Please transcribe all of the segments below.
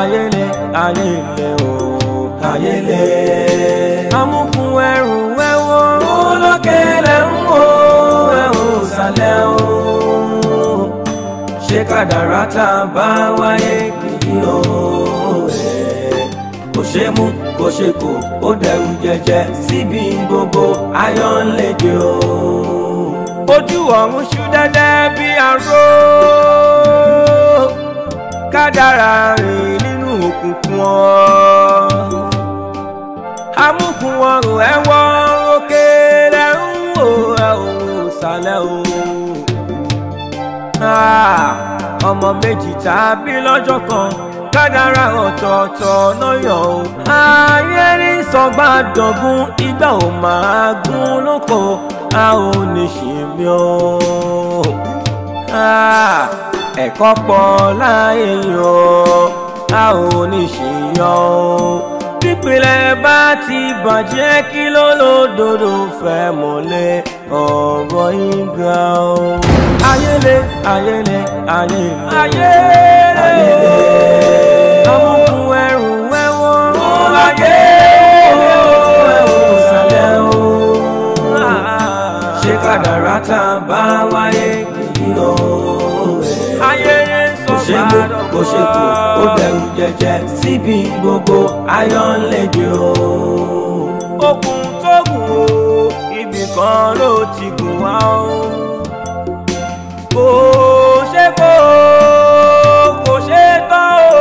Ayele, ayele o ayele. le. amúkun ẹrù ẹwọ́ olókè ń wò ẹ̀hún sálẹ̀ o. ṣé kádàrá tá a bá wáyé kìí o ẹ̀ kò ṣe mú kò ṣe kò ó dẹrù jẹjẹ síbi gbogbo ayọ̀ ń lè o. ojú ọ̀run ṣú dẹ́dẹ́ bí aró. kádàrá rìn nínú òkùnkùn ọ. amúkùn ọrùn ẹ̀wọ́ òkè lẹ́rú òòrùn ìsàlẹ̀ òòrùn. Ah, ọmọ méjì tàbí lọ́jọ́ kan kádàrá ọ̀tọ̀ọ̀tọ̀ lọ́yọ̀ o. ayé ní sọgbà dọ̀gún ìgbà ò máa gún lóko a ò ní ṣe mí o. Ah, ẹ̀kọ́ pọ̀ láàyè o a ò ní ṣìyọ o pípìlẹ̀ bá ti bàjẹ́ kí ló lódodo fẹ́ mọ̀lẹ́ ọ̀rọ̀ ìgbà o. ayẹlẹ ayẹlẹ ayẹlẹ ayẹlẹ ọmọkùnrin ẹrù ẹwọ ọlájẹ ẹwọ tá a bá wáyé. kò ṣètò ó dẹrù jẹjẹ síbi gbogbo ayọ̀ ń lèdè o. okùn tó gùn o ibì kan ló ti gùn wá o. kò ṣe kó o kò ṣe tán o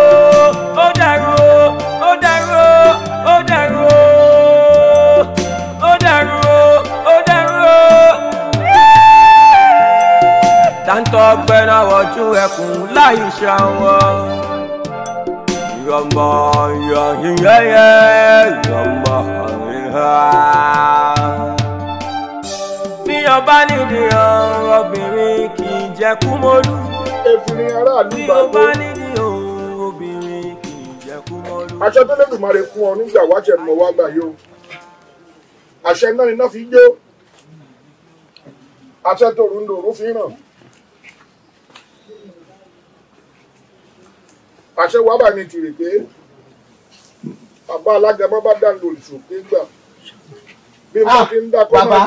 ó dẹrù o ó dẹrù o ó dẹrù o. tántọ́ pẹ́ náà wọ́jú ẹkùn tay sao gầm bò giờ nhìn thấy gầm bò nhìn ha bí ọba nídìí obìnrin kì í jẹ kú mọlú bí ọba nídìí obìnrin kì í jẹ kú mọlú. aṣọ tó lẹ́nu máa rè fún ọ àṣẹ wàá bá ní tìrì pé bàbá alága bá bá dà lórí ṣòkè gbà bí mo ah, ti ń dá kọ́ náà. bàbá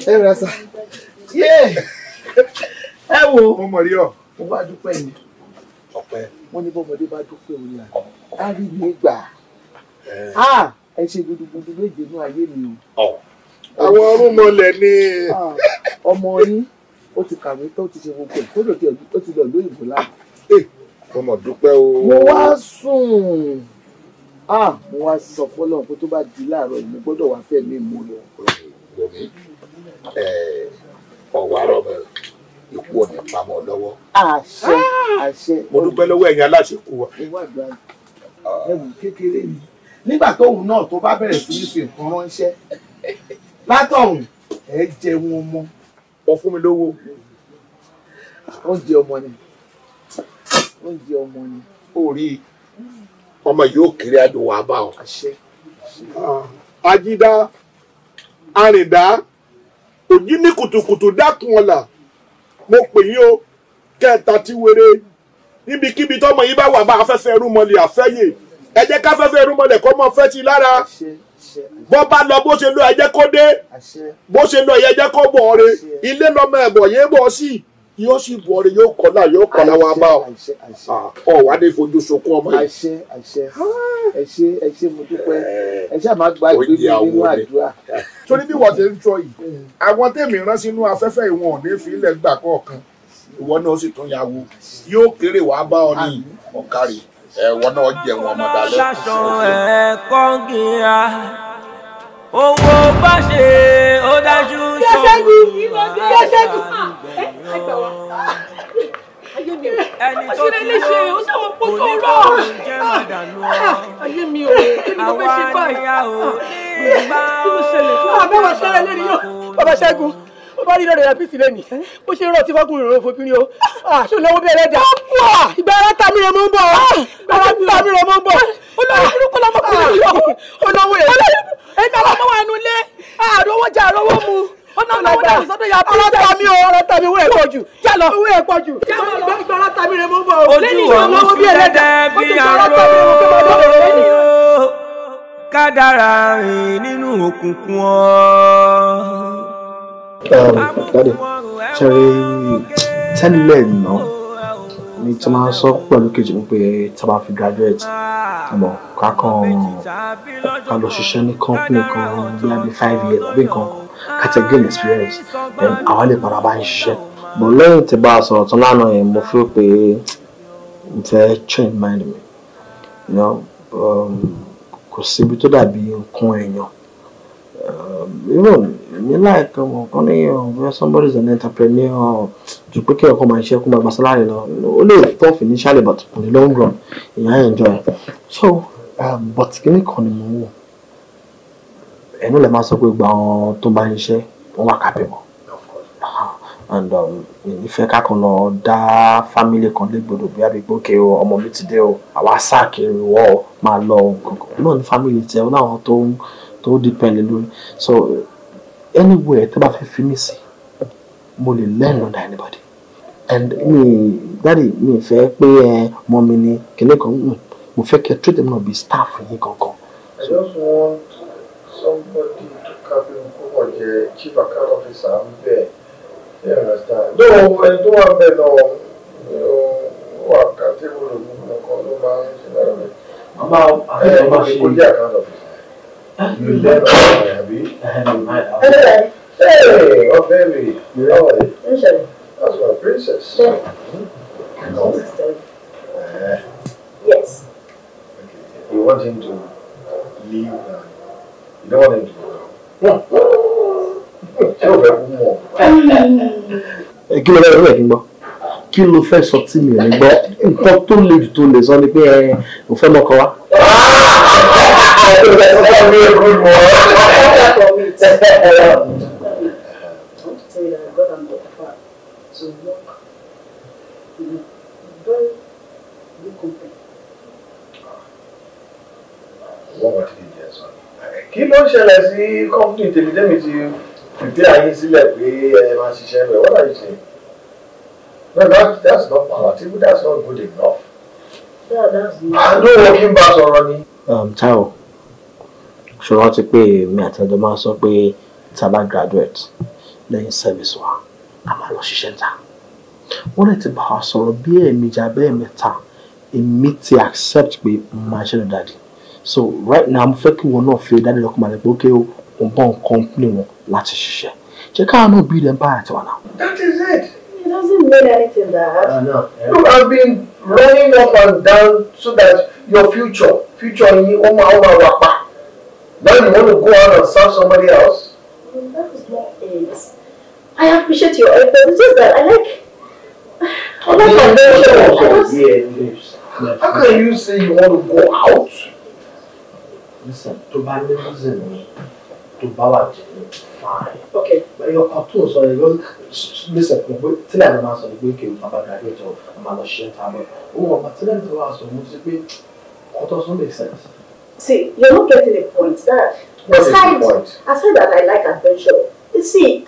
ẹ rẹ sà yé ẹ wo. mo mọ̀ rí ọ. mo bá dúpẹ́ ni ọpẹ́ mo ní bọ́mọdé bá dúpẹ́ orí àná á rí mi gbà eh. ẹ ṣe gudugudu méje ní ayé mi o. àwọn ọrùnmọlẹ̀ ni. Ah, ọmọ yín ó ti kàwé tó ti ṣe gbogbo ẹ̀ kó lòdì ó ti lọ lóyìnbó láàbù kọmọ dúpẹ́ o. mo wá sùn ah mo wá sọ fọlọ́run pé tó bá di láàárọ̀ yìí mo gbọ́dọ̀ wá fẹ́ mi mú lọ. gbòmí ọ̀wá rọ̀bẹ̀ ikú ọ̀nà ìpamọ́ lọ́wọ́. àṣẹ àṣẹ. mo dúpẹ́ lọ́wọ́ ẹ̀yin aláṣekú wa. ẹwù kékeré ni nígbà tóun náà tó bá bẹ̀rẹ̀ sí ní fi nǹkan ránṣẹ́ látọ̀hún ẹ̀ jẹun ọmọ. ọ fún mi lówó. oúnjẹ ọmọ ni oúnjẹ ọmọ ni. ó rí ọmọ yóò kéré adùn wà bá ọ. àjídá ah, àrìndá òjí ní kùtùkùtù dákun ọ̀la mo pè yín o kẹta tí wéré níbikíbi tọmọ yìí bá wà bá afẹ́fẹ́ rúmọlẹ̀ àfẹ́yè ẹ jẹ́ káfẹ́fẹ́ rúmọlẹ̀ kọ́ mọ́ fẹ́ ti lára bọ́ bá lọ bó ṣe lọ ẹ jẹ́ kó dé bó ṣe lọ ẹ jẹ́ kó bọ̀ ọ́ re ilé lọ́mọ ẹ̀bọ̀ yé bọ̀ sí i yóò sì wọrí yóò kọ́lá yóò kọ́lá wa bá ọ ah, wà ní fojú sunkún ọmọ yìí. àṣẹ àṣẹ ẹṣẹ ẹṣẹ mo dúpẹ́ ẹṣẹ eh. àmà gba ìgbé mi nínú àdúrà. torí bí wọ́n ti ń tọ́ yìí eh. àwọn tèmi rán sínú afẹ́fẹ́ ìwọ̀n ní ìfilẹ̀ gbà kọ̀ọ̀kan ìwọ náà sì tún yàwó yóò kéré wàá bá ọ ní ọ̀kárì ẹ̀wọ̀n náà jẹ̀wọ̀n ọmọdé alẹ́ owó bá ṣe ó dájú ṣòwò àgbàlagbà ah, ah, ẹni tó ti lọ kò ní kó jẹ́ màdànù ọ àwa ni a ò ah, ní bá ó. bàbá ṣẹ́gun ó bá rí lọ́dọ̀ ẹ̀rọ pc lẹ́nìí bó ṣe rọ̀ tí fọ́kùnrin rẹ̀ fòpin ni o ah, ṣé olówó bí ẹlẹ́dà. Ah, ìgbà ara ta mi rẹ̀ mọ́ ń bọ̀ ah, ara ta mi rẹ̀ mọ́ ń bọ̀. olórí burúkú lọmọkùnrin yọ olówó rẹ̀ ẹgbẹ́ ọmọ wa nulẹ̀ àròwọ́ jà àròwọ́ mu ọ̀nà àwọn ọ̀nà sọ́dọ̀ yà pé ọ̀rọ̀ tàbí o ọ̀rọ̀ tàbí owó ẹ̀pọ̀ jù jálọ kádàrá rìn nínú òkùnkùn ọ́. Um, dáde ṣẹ́rí tẹ́lẹ̀ náà ni tí máa sọ pẹ̀lú kejì wípé tá a bá fi graduate àmọ́ ká kàn ká lọ ṣiṣẹ́ ní company kan bí i five years àbí nǹkan ká tẹ gain experience then àwa lè padà bá ń ṣiṣẹ́ bọ̀ lẹ́yìn tí bá a sọ̀rọ̀ tán lánàá yẹn mo feel pé n fẹ́ change mind mi um, kò síbi tó dàbí nǹkan èèyàn um, even èmi láìka mọ̀ kán ní somebody is an entrepreneur ju pé kí ọkọ máa ṣe kó máa gba salary lọ ó lè tọ́ financially but kò ní long run ìyá ẹ̀ enjoy so um, but kí ni kan ni mo ń wò ẹnu lè máa sọ pé gba àwọn tó bá ń ṣe wọn wà kábẹ́ mọ́ and ìfẹ́ um, kákan lọ dá family kan légbodò bí abẹ́gbó ke o ọmọ mi ti dé o àwa sáàkiri wọ́ ọ máa lọ nǹkan kan náà ní family tiẹ̀ náà tó tó depend lórí so anywhere tó bá fẹ́ fi mí sí mo lè learn under anybody and mi dáàdi mi fẹ́ pé ẹ mọ mi ni kìnìún kan mm, mo fẹ́ kẹ́ treat them not be staff yín kankan. I just want somebody to carry on kó wọ́n jẹ chief account officer ń bẹ̀ you understand though ẹni tó wà bẹ́ẹ̀ náà wà kàtẹ́wò lòun nìkan ló máa ń ṣe lọ́rọ̀ rẹ̀. màmá àfihàn máa ṣe. kò jẹ́ account officer. You left my Abby. Hey, oh baby, you know it. That's my princess. Yeah. No. Uh, yes. Okay. You want him to leave You don't want him to go? No. Ṣé o fẹ́ kú mọ̀? Kí ló fẹ́ rẹ̀ kí n gbọ́? Kí ló fẹ́ sọ tí mi ò ní gbọ́? Nǹkan tó le jù tó lè sọ ni pé ẹ ò fẹ́ lọ́kọ wa. I want to tell you that I got an offer to work in a very good company. Wọ́n wá ti di ìjẹ́ sọ ni. Kí ló ń ṣẹlẹ̀ sí kọ́mpútì tèmítẹ́mì ti fìdí ayé sílẹ̀ pé ẹ máa ṣiṣẹ́ rẹ̀? What are you saying? No, that, that's not palatable. That's not good enough. Yeah, that's not. I know working back already. Um, Tao ṣe rántí pé èmi àti ẹjọ́ máa sọ pé tá a bá graduate lẹ́yìn service wa a máa lọ ṣiṣẹ́ ta wọ́n lè ti bá wa sọ̀rọ̀ bí ẹ̀ẹ̀mejì abẹ́ẹ̀ mẹ́ta èmi ti accept pé máa ṣe lọ dáàdi so right now mo fẹ́ kí wọn náà fi dáàdi lọ́kùnrin àti pé ó kéré bọ̀ ń company wọn láti ṣiṣẹ́ ṣé káà náà bí ilẹ̀ ń bá àti wà náà. that is it. It doesn't mean anything that. Uh, no. You have been running up and down so that your future, future yìí, ó máa ó máa wà pa. Now you want to go out and serve somebody else? that is not it. I appreciate your effort. It's just that I like. I like convention. Yeah, How can you say you want to go out? Listen, to buy me reason, to buy what fine. Okay. But your cartoon, sorry, because listen, tell them about the week you come back graduate or I'm not sure time. Oh, but tell them to ask for music. It doesn't make sense. See, you're not getting the point. That what aside, is point? aside that I like adventure, you see,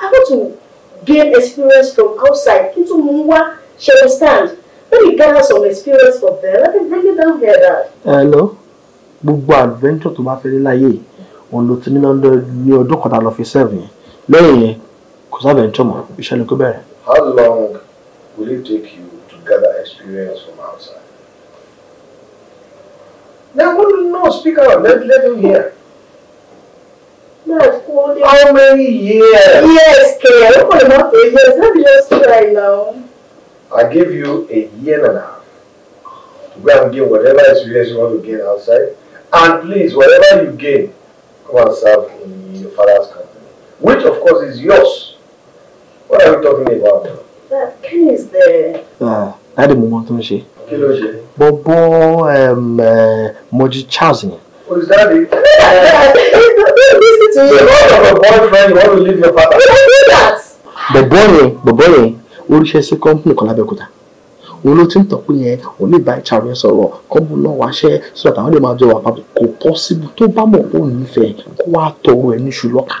I want to gain experience from outside into Mwa, she understand. Let me gather some experience from there. Let me bring it down here. That. Hello? Gbogbo adventure to bá fẹ́ ní láyé òun ló ti ní London ní ọdún kan tá lọ fi serve yẹn lẹ́yìn yẹn kò sábẹ̀ ń ni kò bẹ̀rẹ̀. How long will it take you to gather experience from outside? Now, what do you Speak out. Let, let him hear. How many years? Yes, Kay. I don't want to eight years. Let me just try now. I give you a year and a half to go and gain whatever experience you want to gain outside. And please, whatever you gain, come and serve in your father's company. Which, of course, is yours. What are we talking about That Ken is there. Ah, I had a moment don't she kí ló ṣe. bọ́bọ́ Moji Charles yẹn. olùdarí listen to me. you have boyfriend you want to leave your father. why do that. bọ̀bọ́ yẹn bọ̀bọ́ yẹn oríṣẹ́ sí kọ́ńpìnì kan lábẹ́òkúta òun ló ti ń tọ́pẹ́ yẹn òun lè bá ìta rẹ sọ̀rọ̀ kọ́ńpìnì náà wáṣẹ́ sọ̀rọ̀ àtàwọn lè máa jọ wà papọ̀ kò pọ́sibú tó bá mọ̀ pé òun nífẹ̀ẹ́ kó wàá tọrọ ẹ̀ níṣu lọ́kàn.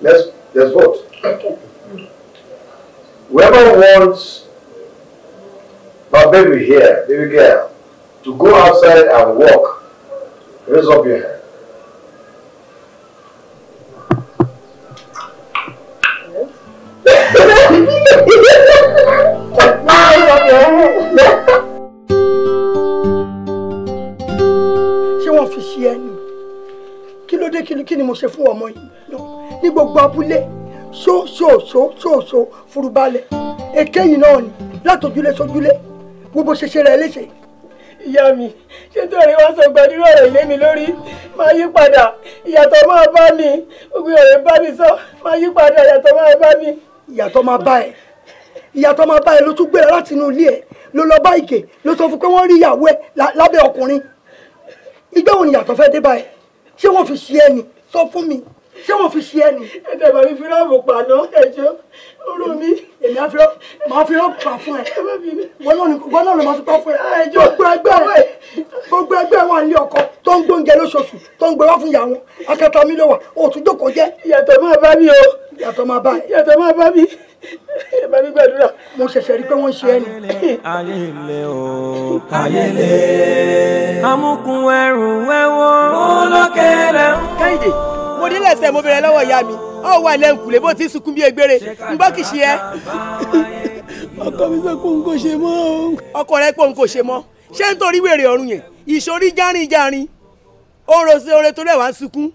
Let's, let's vote. Whoever wants my baby here, baby girl, to go outside and walk, raise up your hand. ṣé wọ́n fi ṣe ẹni kí ló dé kí ni mo ṣe fún ọmọ yìí náà ní gbogbo abúlé ṣóṣóṣóṣóṣó furubalẹ̀ èké náà ni látòjúlé sójúlé wo bó ṣe ṣe rẹ̀ léṣe. ìyá mi ṣé torí wá sọ gbàdúrà ọ̀rọ̀ ilé mi lórí máa yí padà ìyàtọ̀ máa bá mi gbogbo ọ̀rẹ́ bá mi sọ máa yí padà ìyàtọ̀ máa bá mi. ìyàtọ̀ máa bá ẹ ìyàtọ̀ máa bá ẹ ló tún gbéra láti inú ilé ẹ ló lọ bá ìkè ló sọ fún pé wọ́n rí ìyàwó ẹ lábẹ́ ọkùnrin ìgbéwòn ìyàtọ̀ fẹ́ dé bá ẹ ṣé wọ́n fi ṣe ẹ sọ fún mi ṣé mo fi ṣe ẹ ni. ẹ tẹ̀ bá mi fi rọ́ọ̀bù pàná ẹjọ́ orú mi. èmi àfi máa fi rọ́ọ̀bù pa fún ẹ. wọn náà ló máa tún pa fún ẹ. ẹjọ́ gbogbo ẹgbẹ́ gbogbo ẹgbẹ́ wà ní ọkọ tó ń gbóúnjẹ lóṣooṣù tó ń gbé wá fún ìyá wọn akẹta mi ló wà òtún jókòó jẹ. ìyàtọ̀ máa bá mi o. ìyàtọ̀ máa bá ìyàtọ̀ máa bá mi. ẹ bá mi gbàdúrà. mo ṣẹ̀ṣẹ̀ rí pé wọ́n ṣe ẹ ni. ayẹlẹ o ayẹlẹ. amúkun ẹrù ẹwọ. olókèlè ń. kẹ́hìndé mo rí lẹ́sẹ̀ mo bẹ̀rẹ̀ lọ́wọ́ ìyá mi ọ wà lẹ́ǹkùlé bó ti sunkún bí egbére ń gbọ́ kìí ṣe ẹ́. ọkọ mi sọ pé òun kò ṣe mọ́. ọkọ rẹ pé òun kò ṣe mọ́ ṣé nítorí wèrè ọ̀run yẹn ìṣòrí járinjárin oore ṣe oore torí ẹ̀ wá ń sunkún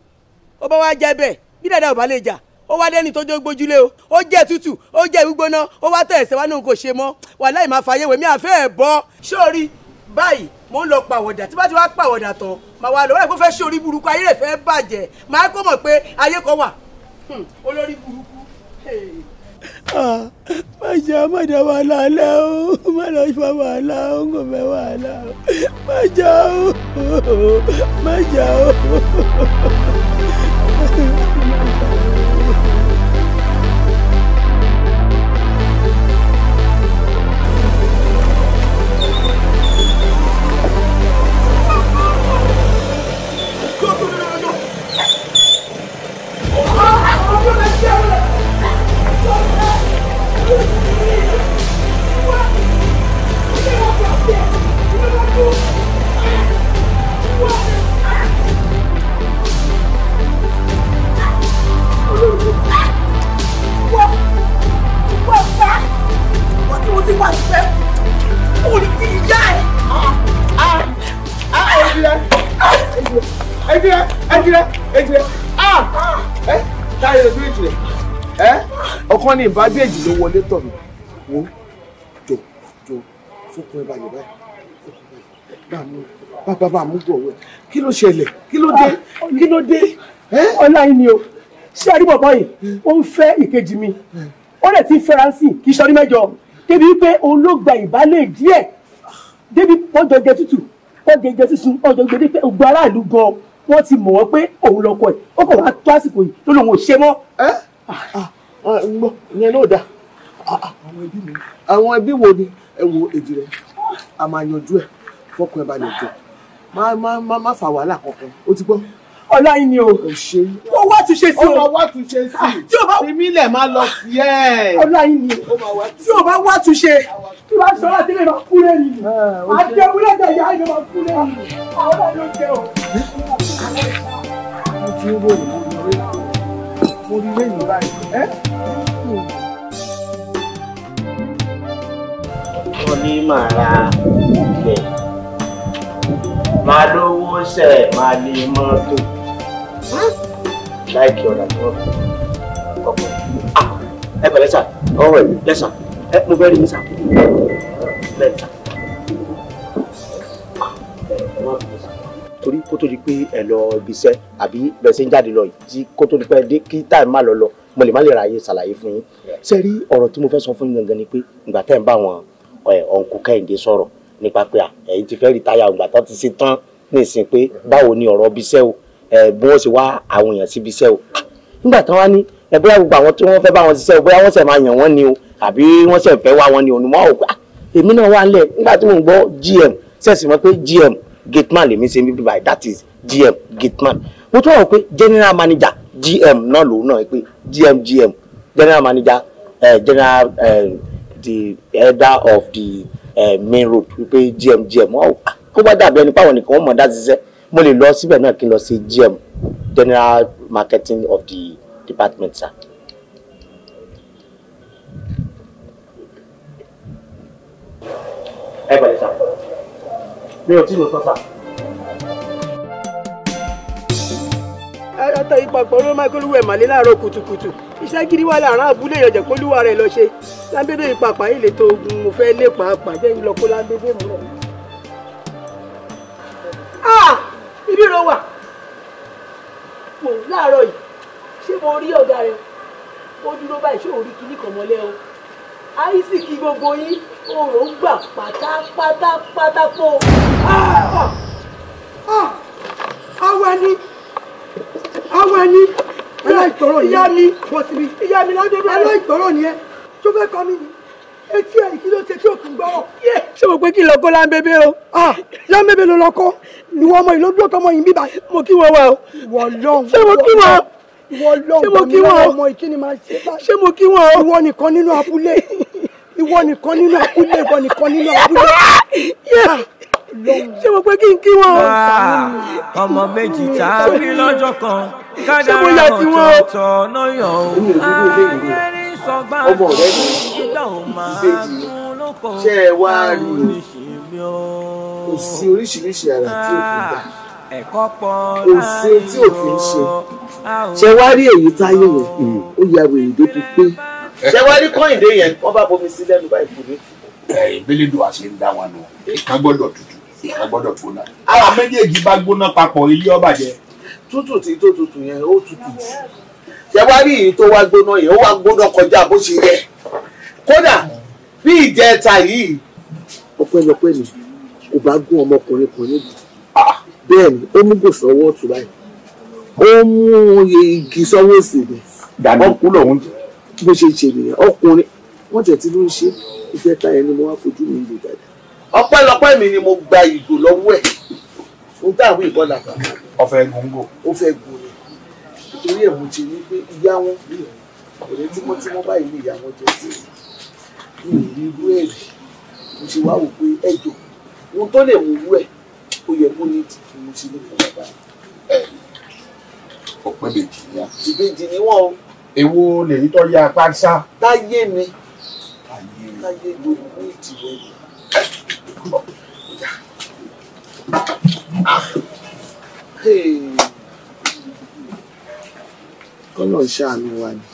ó bá wá jẹ́ bẹ́ẹ̀ bí dàda ò bá lè jà ó wá dẹ́ni tó jó gbójúlé o ó jẹ́ tútù ó jẹ́ gbígbóná ó wá tẹ̀ wá ní òun kò ṣe mọ́ wàhálà ìmáfàyẹ̀wò mi àfẹ́ ẹ̀ bọ́ sórí báyìí mò ń lọ pàwọ̀dà tí bá ti wá pàwọ̀dà tán màá wá lọ wọ́n kó fẹ́ ṣe orí burúkú ayé rẹ̀ fẹ́ bàjẹ́ màá kó mọ̀ pé ayé kan wà hmm, olórí burúkú. Ah, má jà má jà wàhálà alẹ́ o má lọ fa wàhálà o kò fẹ́ wàhálà o má jà o má jà o. kọ́ ni ìbágbèjì ló wọlé tọ̀ mí wò ó jò jò fúnkún ẹ balẹ̀ báyìí bàmú bàbá bàmú bọ̀ wẹ̀ kí ló ṣẹlẹ̀ kí ló dé ah, kí ló dé. ọlá yìí ni o ṣé àdìbọ̀bọ̀ yìí ó ń fẹ́ ìkejì mi ó lè ti fẹ́ránsì kì í ṣọdún mẹ́jọ débi pé òun ló gba ìbálẹ̀ díẹ̀ débi wọ́n jọ jẹ tútù wọ́n jẹ jẹ sísun wọ́n jọ gbẹdẹ́ pé gbogbo aráàlú gan wọ́n ti mọ̀ wọ́n pé òun lọ́kọ ẹ̀ ó kàn wá tó àsìkò yìí tó lóun ò ṣe mọ́ gbọ́ ìyẹn ló dáa àwọn ẹbí wo ni ẹ wo èdè rẹ a máa yanjú ẹ fọkàn ẹ balẹ̀ jọ má fà wàhálà kankan ó ti gbọ́ ọlá yín ni o. o ṣe. ó wá tún ṣe sí o. ó máa wá tún ṣe sí. tí o bá. èmi lẹ̀ máa lọ sí ẹ̀. ọlá yín ni o. tí o bá wá tún ṣe. tí o bá sọ láti lè máa kú lẹ́nu. àjẹmúlẹ̀ jẹ ìyá ìlú máa kú lẹ́nu. àwọn ọ̀la ló jẹ o. mo ti ń wò ó mo rí lẹ́yìn báyìí lò. wọ́n ní màá ra ilẹ̀ máa lówó ṣẹ̀ máa lè mọ́tò láìkí ọ̀rọ̀ àti wọ́n ọkọ̀ ah, ẹ bẹ̀rẹ̀ sà ọwọ́ ẹ̀ lẹ́sà ẹ mo bẹ́ẹ̀ rí mi sà bẹ́ẹ̀ di pé ẹ lọ ibiṣẹ́ àbí bẹ́ẹ̀ ń jáde lọ yìí tí kó di pé dé kí táì má lọ lọ mo lè má lè ráyè ṣàlàyé fún yín ṣe rí ọ̀rọ̀ tí mo fẹ́ sọ fún yín gangan ni pé ìgbà tẹ́ ń bá wọn ọ̀nkù kẹ́hìndé sọ̀rọ̀ nípa pé ẹ̀yin ti fẹ́ rìtáyà ìgbà tó ti ṣe tán nísìnyí pé báwo ni ọ̀rọ̀ bíṣẹ́ o bí wọ́n ṣe wá àwọn èèyàn sí bíṣẹ́ o ah, nígbà tán wá ní ẹ̀bùrẹ́ gbogbo àwọn tí wọ́n fẹ́ bá wọn ṣiṣẹ́ bóyá wọ́n ṣẹ̀ máa yàn wọ́n ni o àbí wọ́n ṣẹ̀ fẹ́ wá wọn ni ònùmọ́ òkú èmi náà wà lẹ̀ nígbà tí mò ń gbọ́ GM ṣẹ̀sì mọ́ pé GM gateman lèmi ṣe mi bíbáyìí that is GM gateman mo tún wọ̀ pé general manager gm náà lòun náà pé gm gm general manager uh, general uh, the header of the uh, main road wípé gm gm wọn ah, kó bá dàbí ẹni pàwọn nìkan wọn mọ̀ dá ṣiṣẹ́ mo lè lọ síbẹ̀ náà kí n lọ sí gm general marketing of the department sir. ẹ bẹ̀rẹ̀ sá mi ò tí ì sá. ẹ̀ẹ́dọ́tọ̀ ìpapọ̀ ló máa kólúwẹ̀ màlẹ́ láàárọ̀ kùtùkùtù iṣẹ́ gidi wà láàárọ̀ abúlé ìyọ̀jẹ̀ kólúwà rẹ̀ lọ ṣe lábẹ́dẹ́ ìpapà yìí lè tó ogun mo fẹ́ lé pàápàá jẹ́ ìlọ kó lábẹ́dẹ́ mú lọ. ibi ló wà pò láàárọ̀ yìí ṣé mo rí ọ̀gá rẹ̀ ó dúró báyìí ṣé ò rí kinní kan mọ́lẹ́ o àìsíkì gbogbo yín òòrùn gbà pátápátápátá pọ̀. àwa àwọn ẹni aláìgbọ́rọ̀ ni ìyá mi bọ̀ síbi ìyá mi ládọ́dọ́ aláìgbọ́rọ̀ ni ẹ tó fẹ́ kọ́ mi ni etí ẹ̀ kí ló ṣe tí òkú gbọ́rọ̀. ṣé mo pé kí lọ kó láńbébé o. láńbébé ló lọ kọ́ ìwọ ọmọ ìlú gbọ́tọ̀ ọmọ yìí bíbá. mo kí wọn wá o. ìwọ lọ́hùn ṣé mo kí wọn. ìwọ lọ́hùn bàmí láwọn ọmọ ìkíni máa ṣe báyìí. ṣé mo kí wọn o. ìwọ nìkan nínú abúlé ìwọ nìkan nínú abúlé ìwọ nìkan nínú abúlé. ṣé mo pé kí n kí wọn. Ah. ọmọ méjì tá a rí lọ́jọ́ kan kádàrá ọ̀tọ̀ọ̀tọ̀ náà yàn ó. arẹ́rìn sọgbà ọmọ rẹ ní ìbejì ṣe é wá rí o kò sí oríṣiríṣi àrà tí o ah, kò gbà kò sí tí o kì í ṣe ṣe wá rí èyí táyé yẹn hmm. ó ya wèrè débi pé ṣe wá rí kọ́hìndé yẹn wọ́n bá bomi sí lẹ́nu báyìí kò ní tù. ìbílẹ̀ dùn àṣẹ ń dá wa nù ìka gbọ́dọ̀ ó gbọ́dọ̀ gbóná ara méjèèjì bá gbóná papọ̀ ilé ó bàjẹ́. tútù tí tó tutù yẹn ó tutù jù ṣe wá rí èyí tó wá gbóná yẹn ó wá gbóná kọjá bó ṣe yẹ kódà bí ìjẹta yìí ọpẹ́lọpẹ́ ni kò bá gún ọmọkùnrin kan níbi ah. bẹ́ẹ̀ ni ó mú gòsàn ọwọ́ ọ̀tún báyìí ó mú igi sọ́wọ́ òsì ni ọkùnrin lòun bó ṣe ṣe nìyẹn ọkùnrin wọ́n tẹ̀ tí ló ń ṣe ìjẹta yẹn ni mo wá fojú mi lò dáadáa ọpẹ́lọpẹ́ mi ni mo gba ìgò lọ́wọ́ ẹ̀ mo dáwọ ìbọn làbà. ọfẹ gbòǹgbò. ó fẹ́ gbòǹgbò ni nítorí ẹ̀ mo ti rí pé ìyá wọn mi ò rẹ tímọ́tímọ́ báyìí ní ìyá wọn jẹ sí mi ò rí irú ẹ̀ rí mo ṣe wá wò pé ẹ̀jọ̀ ohun tó lè mú wú ẹ̀ ó yẹ kó ní ìdìbò mo ṣe ní fún bàbá ẹ̀. bèjì ni a. ìbejì ni wọ́n o. èwo lèyí tó yá apá sá. táyé mi táyé mi ló ní ìdìbò ẹ̀ kọ́lọ̀ ṣàánú wa ni.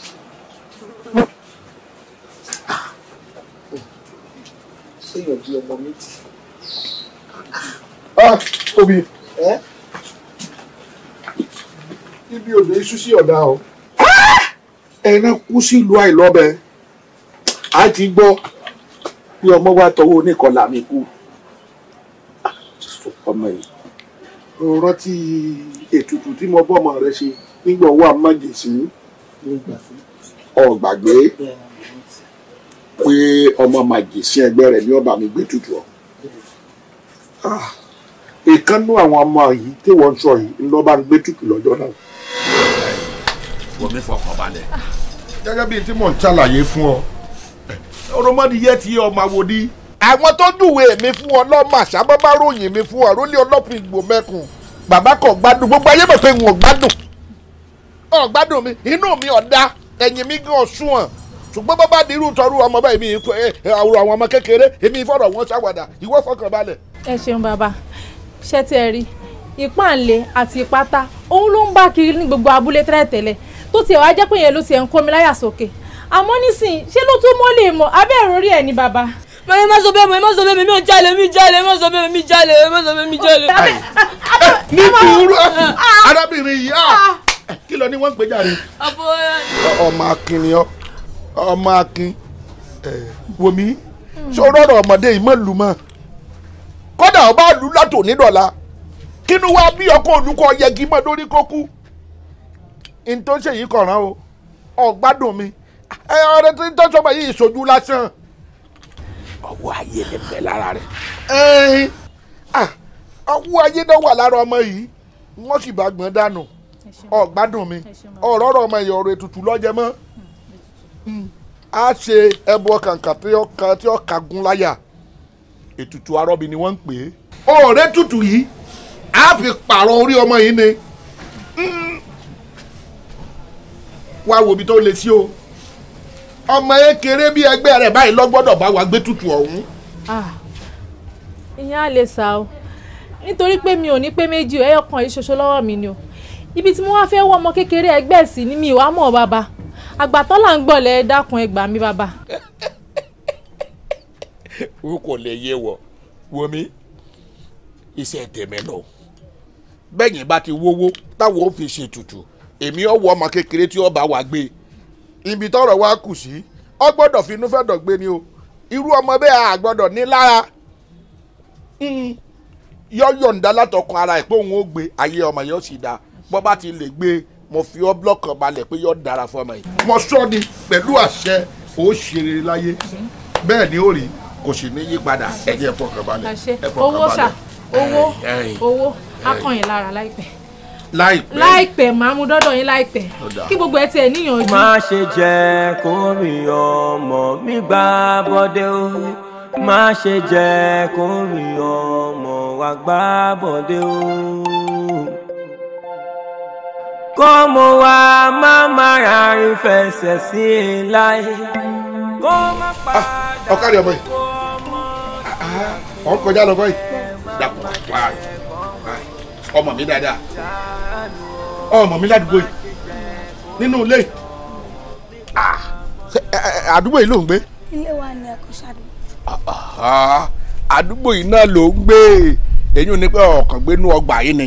ṣéyàn bí ọmọ méjì. obi ah, ibi òde iṣu sí ọ̀dà o. ẹran kú sílùú àìlọ́bẹ̀ a ti gbọ́ pé ọmọ wa tọwọ́ oníkọlà mi kú ọmọ yìí o rántí ètùtù tí mo bọ́mọ rẹ ṣe nígbà owó amájèsí ọgbàgbé pé ọmọ màjèsí ẹgbẹ́ rẹ ní ọba mi gbé tutù ọ ah, ìkànnú àwọn ọmọ yìí tí wọ́n ń sọ yìí ló bá ń gbé tutù lọ́jọ́ náà. wọ́n fọkàn balẹ̀. gẹ́gẹ́ bíi tí mò ń ṣàlàyé fún ọ ọ̀rọ̀ mọ́dí yẹ́ ti ọmọ àwòdì àwọn tó júwe mi fún ọ lọ́mọ àṣàbọ́ bá ròyìn mi fún ọ rólé ọlọ́pìn ìgbò mẹ́kùn bàbá kan gbádùn gbogbo ayé mọ̀ pé n ò gbádùn ọ̀ gbádùn mi inú mi ọ̀dá ẹ̀yìn mi gan ọ̀ṣùwọ̀n ṣùgbọ́n bá bá dirú tọrú ọmọ báyìí mi àwòrán àwọn ọmọ kékeré èmi fọ̀rọ̀ wọn ṣàwàdà ìwọ fọkàn balẹ̀. ẹ ṣeun bàbá ṣé tí ẹ rí ìpáǹle àti ìpátá òun ló ń bá kiri ní gbogbo abúlé tẹ́lẹ̀tẹ́lẹ̀ tó tiẹ̀ wá jẹ́ pé yẹn ló tiẹ̀ ń kó mi láyà sókè àmọ́ nísìnyí ṣé ló tún mọ́ lè mọ̀ abẹ́ ìròrí ẹ̀ ní bàbá ẹ má sọ bẹ́ẹ̀ mọ́ ẹ má sọ bẹ́ẹ̀ mọ́ mi ò jalè mi jalè ẹ má sọ bẹ́ẹ̀ mi jalè ẹ má sọ bẹ́ẹ̀ mi jalè. ní sùúrù ah, ah. arábìnrin yìí ah. kí ló ní wọ́n ń pè jáde. ọmọ akin ni ọ ọmọ akin wò mí sọ̀rọ̀ ọ̀rọ̀ ọmọdé yìí mọ̀ lù mọ́ kódà ọba lù látò nídọ̀la kínú wa bí ọkọ olùkọ yẹgi mọ́ lórí kókú ní tó ń ṣèyí kọ̀ọ̀ràn o ọ̀gbádùn mi ọ̀rẹ́ tí ń tọ́jú ọmọ yìí ìṣojú lásán ọwọ́ ayé lè bẹ̀ lára rẹ̀. ọwọ́ ayé náà wà lára ọmọ yìí wọ́n sì bá gbọ́n dànù ọ̀gbádùn mi ọ̀rọ̀ ọ̀rọ̀ ọmọ yìí ọ̀rọ̀ ètùtù lọ́jẹ́ mọ́ hmm, hmm, a ṣe ẹbọ kàǹkà tí ó kagun láyà ètùtù arọ́bì ni wọ́n ń pè é. ọ̀rẹ́ tutù yìí a fi pààrọ̀ orí ọmọ yìí ni hmm. wàá wo ibi tó le sí o ọmọ kékeré bí ẹgbẹ́ rẹ̀ báyìí lọ́gbọ́dọ̀ bá wa gbé tutù ọ̀hún. ìyẹn á lè sá o nítorí pé mi ò ní pé méjì o ẹyọ kan yìí ṣoṣo lọ́wọ́ mi ni o ibi tí mo wá fẹ́ wọ ọmọ kékeré ẹgbẹ́ sí ni mi ò wá mọ̀ bàbá àgbàtọ́ là ń gbọ̀lẹ̀ ẹ dákun ẹ gbà mí bàbá. o kò lè yé wọ wo mi iṣẹ́ lọ bẹ́yìn bá ti wówó táwọn ò fi ṣètùtù èmi ọ̀wọ́ ọmọ kékeré tí ọba wa gbé e ibi tọ́rọ̀ wa kù sí ọ gbọ́dọ̀ fi inúfẹ́dọ̀ gbé ni o irú ọmọ bẹ́ẹ̀ a gbọ́dọ̀ ní lára hmm. yọ̀yọ̀ǹda látọkàn ara ẹ̀ pé òun ó gbé ayé ọmọ yẹn ó sì dáa bọ́ bá ti lè gbé mo fi ọ́ blọ́ọ̀kì balẹ̀ pé yọ̀ dára fún ọmọ yìí. mo sọ ni pẹ̀lú àṣẹ ó ṣe rere láyé bẹ́ẹ̀ ni ó rí kò sì ní yípadà ẹ̀jẹ̀ ẹ̀fọ́ kan balẹ̀ owó ṣá owó owó akọ̀yìn lára láìpẹ́ láìpẹ́ láìpẹ́ màá mú dọ́dọ̀ yín láìpẹ́ kí gbogbo ẹ tiẹ̀ níyànjú. má ṣe jẹ́ kó mi ọmọ mi gbá bọ́dé o má ṣe jẹ́ kó mi ọmọ wa gbá bọ́dé o. kọ́mọ wa má má rárín fẹsẹ̀ sí i láì kó má padà kó ọmọ. Ah, ọkàlẹ̀ ọmọ yìí ọkọjá ah, ah, lọ bọ́ dàpọ̀ pa ọmọ mi dáadáa ọmọ mi ládùúgbò yìí nínú ilé ah, àdúgbò yìí ló ń gbé. ilé wa ni ẹkọ ṣàdúgbò. àdúgbò yìí náà ló ń gbé èyí ò ní pẹ́ ọ̀kàn gbénú ọgbà yìí ni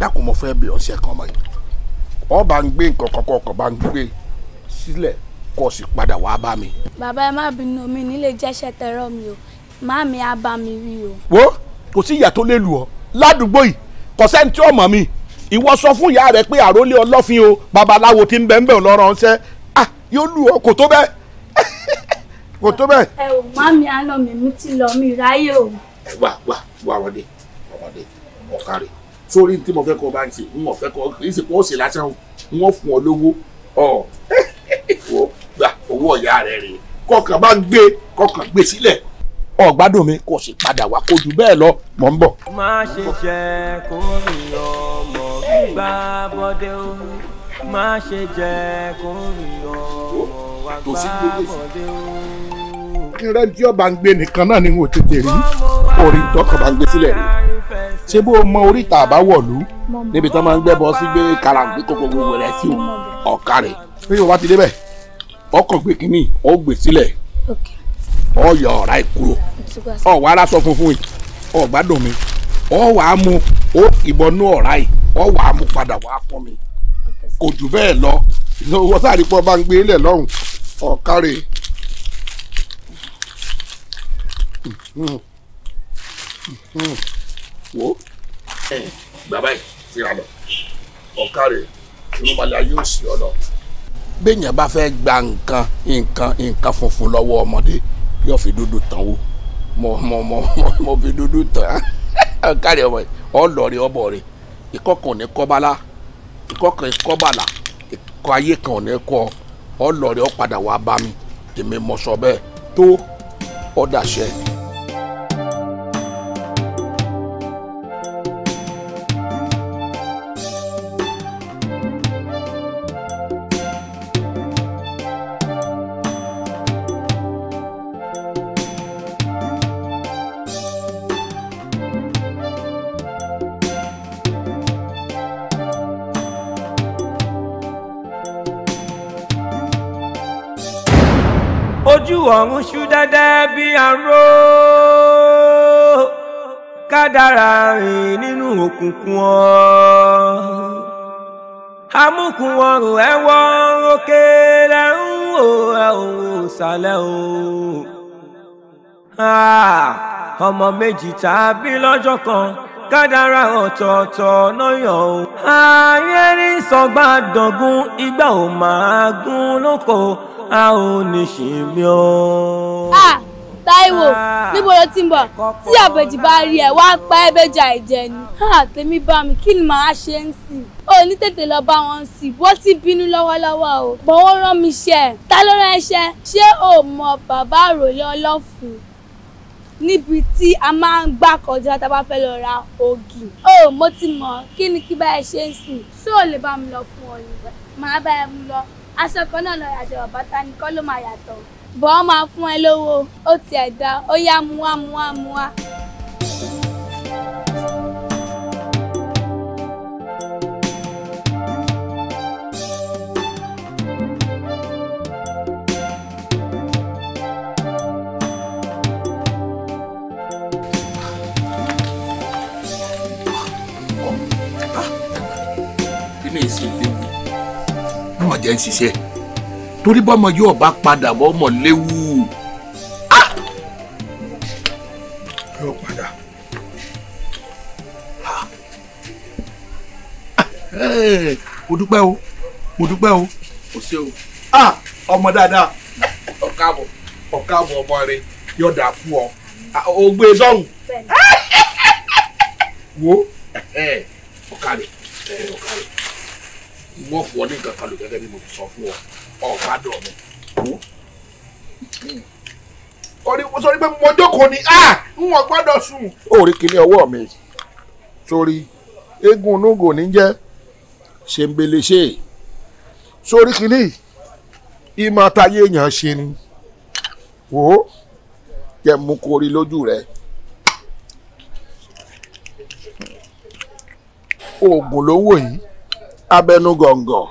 dákun mo fẹ́ bí ọ̀sẹ̀ kan mọ́ yìí wọ́n bá ń gbé nǹkan kọ́kọ́ ọkọ̀ bá ń gbé sílẹ̀ kó o sì padà wá bá mi. bàbá ẹ má bínú mi nílé jẹ́sẹ̀ tẹ̀rọ mi o má mi á bá mi wí o. wo kò sí ìyà tó lè lù ọ́ ládùúgbò yìí kò sẹ́ni tí ó mọ̀ mi ìwọ sọ fún ìyá rẹ pé àrólé ọlọ́fin o babaláwo ti ń bẹ́ẹ̀ bẹ́ẹ̀ lọ́rọ̀ ọ̀sẹ́ ah yóò lù ọ́ kò tó bẹ́ẹ̀ kò tó bẹ́ẹ̀. ẹ ò má mi àná mi mi ti lọ mi ráyè o. ẹ wà wà wà ọmọdé ọmọdé ọkàrẹ sórí tí mo fẹ́ kọ́ bá ń ṣe n ò fẹ́ kọ́ kì í ṣe pé ó ṣe lásán o wọ́n fún ọ lówó ọ gbà owó ọ̀yá rẹ rèé kọkàn bá gbé kọkàn gbé sílẹ̀ ọ̀gbádùn mi kò sì padà wá kó jù bẹ́ẹ̀ lọ mọ̀ ń bọ̀. má ṣe jẹ́ kó rìn ọmọ gbígbá bọ́dé o má ṣe jẹ́ kó rìn ọmọ wá gbá bọ́dé o kíra tí ọba ń gbé nìkan náà ni wọn ò tètè rí orí tọkàn bá ń gbé sílẹ̀ rí ṣé bó mọ oríta àbáwọ̀lú níbi tí wọ́n máa ń gbẹ́bọ sí gbé karambí kókó gbogbo rẹ̀ sí ọ̀ka rẹ̀ bí wọ́n ti débẹ̀ ọkọ̀ gbé kínní ó gbé sílẹ̀ ọyọ ọ̀rá ẹ̀ kúrò ọ̀wá ara sọ funfun yìí ọ̀gbádùn mi ọ̀wá mu ó ìbọnú ọ̀rá yìí ọ̀wá mu padà wá fún mi kò jù bẹ́ẹ̀ lọ owó sáré pọ̀ bá ń gbé lẹ̀ lọ́rùn ọ̀kárẹ̀ wo bàbá yìí fi hàn lọ ọ̀kárẹ̀ ìmúbalẹ̀ ayé òsì ọ̀nà. béèyàn bá fẹ́ gba nǹkan nǹkan nǹkan funfun lọ́wọ́ ọmọdé yóò fi dúdú tán o mo mo mo mo fi dúdú tán kárí ọmọ ọlọrin ọmọ rẹ ìkọkàn ní kọbala ìkọkàn kọbala ìkọ ayé kan ní kọ ọlọrin ọpadà wàá bá mi èmi mọ sọ bẹ́ẹ̀ tó ọdàṣẹ. ọ̀run ṣú dẹ́dẹ́ bí aró kádàrá rìn nínú òkùnkùn ọ amúkùn ọrùn ẹwọ òkè lẹ́rùn ò ẹ̀hún ìsàlẹ̀ o ah, ọmọ méjì tàbí lọ́jọ́ kan kádàrá ọ̀tọ̀ọ̀tọ̀ lọ́yọ̀ o. ayé ní sọgbà dọ̀gún ìgbà ò máa gún lóko a ò ní ṣe mí o. Táíwò níbo ló ti ń bọ̀ tí àbèjì bá rí ẹ wá pa ẹ bẹjà ẹ̀jẹ̀ ni tèmi bá mi kí ni màá ṣe ń sìn ó ní tètè lọ bá wọn sí bó ti bínú lọ́wọ́lọ́wọ́ o bọ̀wọ́ rán mi ṣe ta ló rán ẹ ṣe ṣé o mọ bàbá àròlé ọlọ́fun níbi tí a máa ń gbà kọjá tá a bá fẹ́ lọ ra ògì. ó mo ti mọ̀ kí ni kí báyìí ṣe ń sìn ṣé ò lè bá mi lọ fún ọ nígbà màá bá ẹ mú lọ aṣọ kan náà lọ yàtọ̀ bàtà nìkan ló máa yàtọ̀ bọ́ máa fún ẹ lówó ó tiẹ̀ dá ó yá mu wá mu wá mu wá. jẹ́ ń ṣiṣẹ́ torí bọ́mọ yóò bá padà bọ́ ọmọ léwu. Ah! yóò padà. Ah! Eh! mo dúpẹ́ o mo dúpẹ́ o. o ṣe ah! o. ọmọ dáadáa ọ̀kàbọ̀ ọ̀kàbọ̀ ọmọ rẹ yóò dà fún ọ o gbé e sọ́hùn eh! wo ọ̀kàrẹ̀ eh! ọ̀kàrẹ̀ mú ọ̀fọ̀ ní nǹkan kan lò gẹ́gẹ́ bí mo ti sọ fún ọ ọ̀gá dọ̀ mi kú. sọ pé mo jókòó ni n ò gbọ́dọ̀ sùn. orí kìíní ọwọ́ mi sórí eégún onúgò ní jẹ́ ṣèǹbẹ̀lẹ̀ṣẹ̀ sórí kìíní ìmọ̀ táyé èèyàn ṣe ni wò ó jẹ́ mú kó rí lójú rẹ̀. oògùn ló ń wò yìí abẹnú gọ̀ǹgọ̀.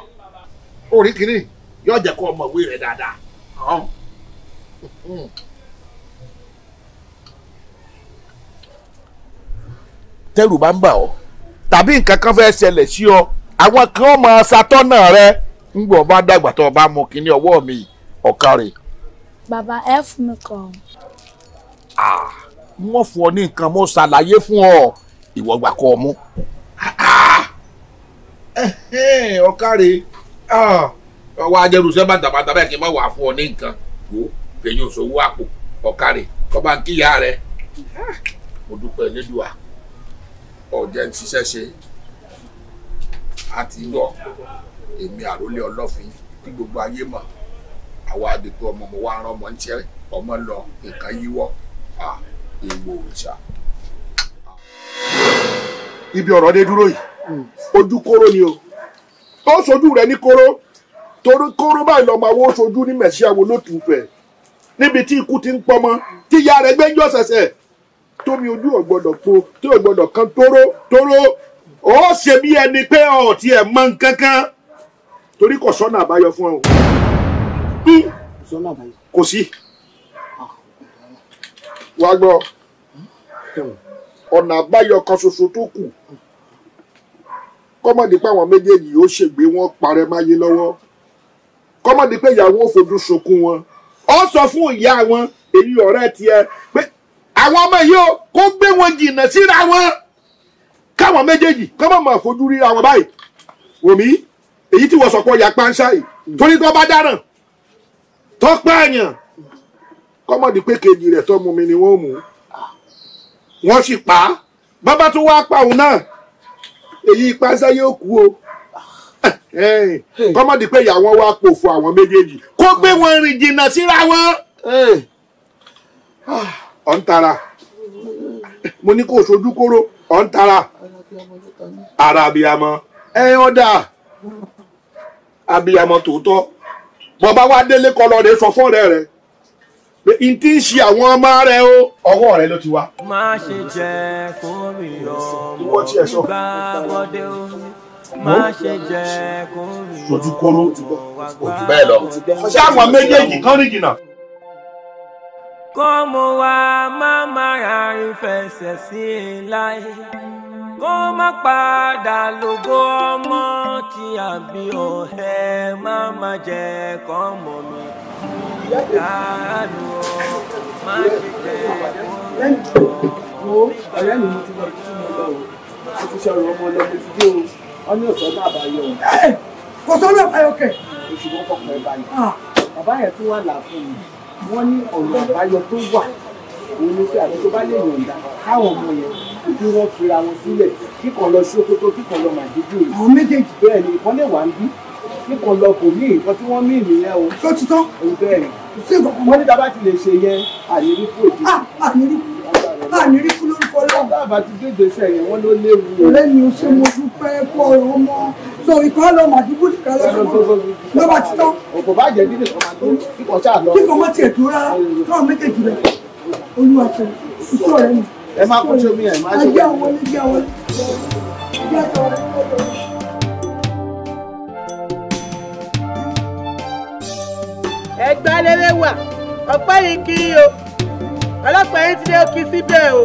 orí kìíní yóò jẹ́ kó ọmọ ìwé rẹ̀ dáadáa. Hmm. tẹ́rù bá ń bà ọ́ tàbí nǹkan kan fẹ́ ṣẹlẹ̀ sí ọ àwọn kan máa ṣàtọ́nà rẹ ńgbà ọba dàgbà tó bá mú kínní ọwọ́ mi ọ̀kan rè. bàbá ẹ fún mi kàn. wọ́n fún ọ ní nǹkan mo ṣàlàyé fún ọ ìwọ gbà ọ mú. Ah, ah. ọ̀kàrẹ̀ ah, ọwọ́ ajẹ́rùsẹ́ bàtàbàtà bẹ́ẹ̀ kí n bá wà fún ọ ní nǹkan wò kẹ́yìn òṣòwò àpò ọ̀kàrẹ̀ kọ́ba ń kíyà rẹ̀ ah. mo dúpẹ́ lédùá ọ̀jẹ̀ ń ṣiṣẹ́ ṣe àti yọ èmi àrólé ọlọ́fin kí gbogbo ayé mọ̀ àwa àdètò ọmọ mo wá rán ọmọ ń tiẹ́ ọmọ lọ nǹkan yíwọ́ ah, èèwọ̀ òrìṣà. ibi ọ̀rọ̀ dé dúró yìí ojú kóró ni o tó sojú rẹ ní kóró torí kóró báyìí lọ́mọ àwọn oṣojú ní mẹ̀síàwó lótùúfẹ̀ níbi tí ikú ti ń pọmọ tí ìyá rẹ gbẹ́jọ́ sẹ̀sẹ̀ tómi ojú ò gbọ́dọ̀ po tí ò gbọ́dọ̀ kan tóró tóró ó ṣe bí ẹni pé ọ̀ tiẹ̀ mọ nǹkan kan torí kò sọ́nà àbáyọ fún ọ kò sí ah. wàá gbọ́ ọ̀nà àbáyọ kan ṣoṣo tó kù kọ́mọ̀dé pé àwọn méjèèjì yóò ṣègbè wọn parẹ́ máyé lọ́wọ́ kọ́mọ̀dé pé ìyàwó òfojú sunkún wọn ó sọ fún ìyá wọn èyí ọ̀rẹ́ tiẹ̀ pé àwọn ọmọ yìí ó kó gbé wọn jìnnà síra wọn káwọn méjèèjì kọ́mọ̀ mọ̀ fojú ríra wọn báyìí wòmí èyí tí wọ́n sọ̀kọ́ ya pàǹṣá yìí torí tó bá dáràn tó pààyàn kọ́mọ̀dé pé kejì rẹ̀ tó mú mi ni wọ́n mú wọ́n sì pa bàbá tó wá pa òun náà èyí ipáṣá yóò kú o kọ́mọ́dé pé ìyá wọn wá pòfo àwọn méjèèjì kó gbé wọn rìn jìnnà síra wọn. ọ̀ ń tara mo ní kó o sojú kóró ọ̀ ń tara ara abiyamọ ẹ ọ̀dà abiyamọ tòótọ́ bọ́ba wa délé kọlọ́ọ̀dẹ sọ fún ọ̀rẹ́ rẹ̀ n tí ń ṣe àwọn ọmọ rẹ o ọwọ́ rẹ ló ti wá. má ṣe jẹ́ kó rí ọmọ ìgbà bọ́dé o má ṣe jẹ́ kó rí ọmọ ìgbà bọ́dé o. ojú bẹ́ẹ̀ lọ ṣé àwọn méjèèjì kan rí jìnnà. kó mo wá má máa ra ìfẹsẹ̀ sí i láì kó má padà lógo ọmọ tí àbí ọ̀hẹ́ má má jẹ́ kọ́ mọ̀ mi káàdù má ṣe jẹ ẹ̀kọ́. ọ̀rẹ́ mi mo ti lọ sí mi lọ o mo ti ṣe ọ̀rọ̀ ọmọ lọ mo ti dé o wọ́n ní ọ̀sán náà bá yọ o. kò sọ́nà àbáyọ kẹ̀. oṣù mọ́kọ̀ pẹ̀ báyìí bàbá yẹn tún wà láàfin mi wọ́n ní ọ̀rọ̀ àbáyọ tó wà òun ni pé àbí tó bá lè yọ̀ǹda káwọn ọmọ yẹn kí wọ́n fira wọn sílẹ̀ kíkan lọ sí òkòtò kíkan lọ màdídù rẹ̀. àwọn méjèèjì bẹ́ẹ̀ ni ìkan lè wà ń bí kíkan lọ kò ní nǹkan tí wọ́n mí ìnìyẹn o. tó ti tán. bẹ́ẹ̀ ni tí mo ní dábàá ti lè ṣe yẹn àníríkù òdì ah, àníríkù lórúkọ náà. dábà ti gbé ìgbésẹ̀ yẹn wọ́n ló léwu. lẹ́yìn o ṣe mo dúpẹ́ kọ́ ọ̀rọ̀ mọ́ so ìkọ́ lọ màdìbò nìkan lọ́sọ̀rọ̀ ló bá ti tán. òkò bá jẹ́ dídì kan máa tó kíkọ́ ṣáà lọ. kíkọ́ mọ́ tiẹ̀ tó rárá tọ́wọ́ méjèèjì rẹ̀ olúwa ṣe ìṣó rẹ̀ mi. ẹ má kó sómi ẹ má ṣe. ajá wọlé ajá wọlé ajá wọlé. ẹgbẹ́ alẹ́rẹ́ wà ọ̀pẹ́ yìí kiri o ọlọ́pàá yìí ti dé kí síbẹ̀ o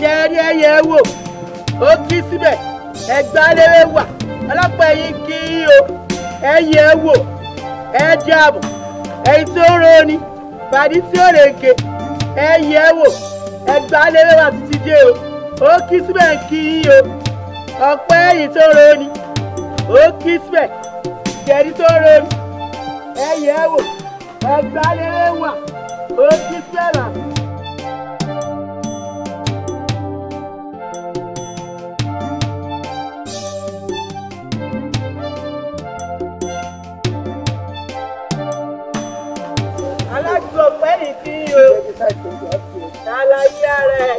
jẹ́rí ẹyẹ wò ó síbẹ̀ ẹgbẹ́ alẹ́rẹ́ wà ọlọ́pàá yìí kiri o ẹyẹ wò ẹjẹ àbò ẹyin tí ó roni pàdí tí ó rèké ẹyẹ wò ẹgbẹ́ alẹ́rẹ́ wà títí dé o ó kí síbẹ̀ kiri o ọ̀pẹ́ yìí tó roni ó kí síbẹ̀ jẹ́rí tó roni ẹ yẹ̀ ẹ́ wò ẹgbàá lè wà ó ti sẹ́ra. ọpẹ́ fi o ṣàlàyé ara ẹ̀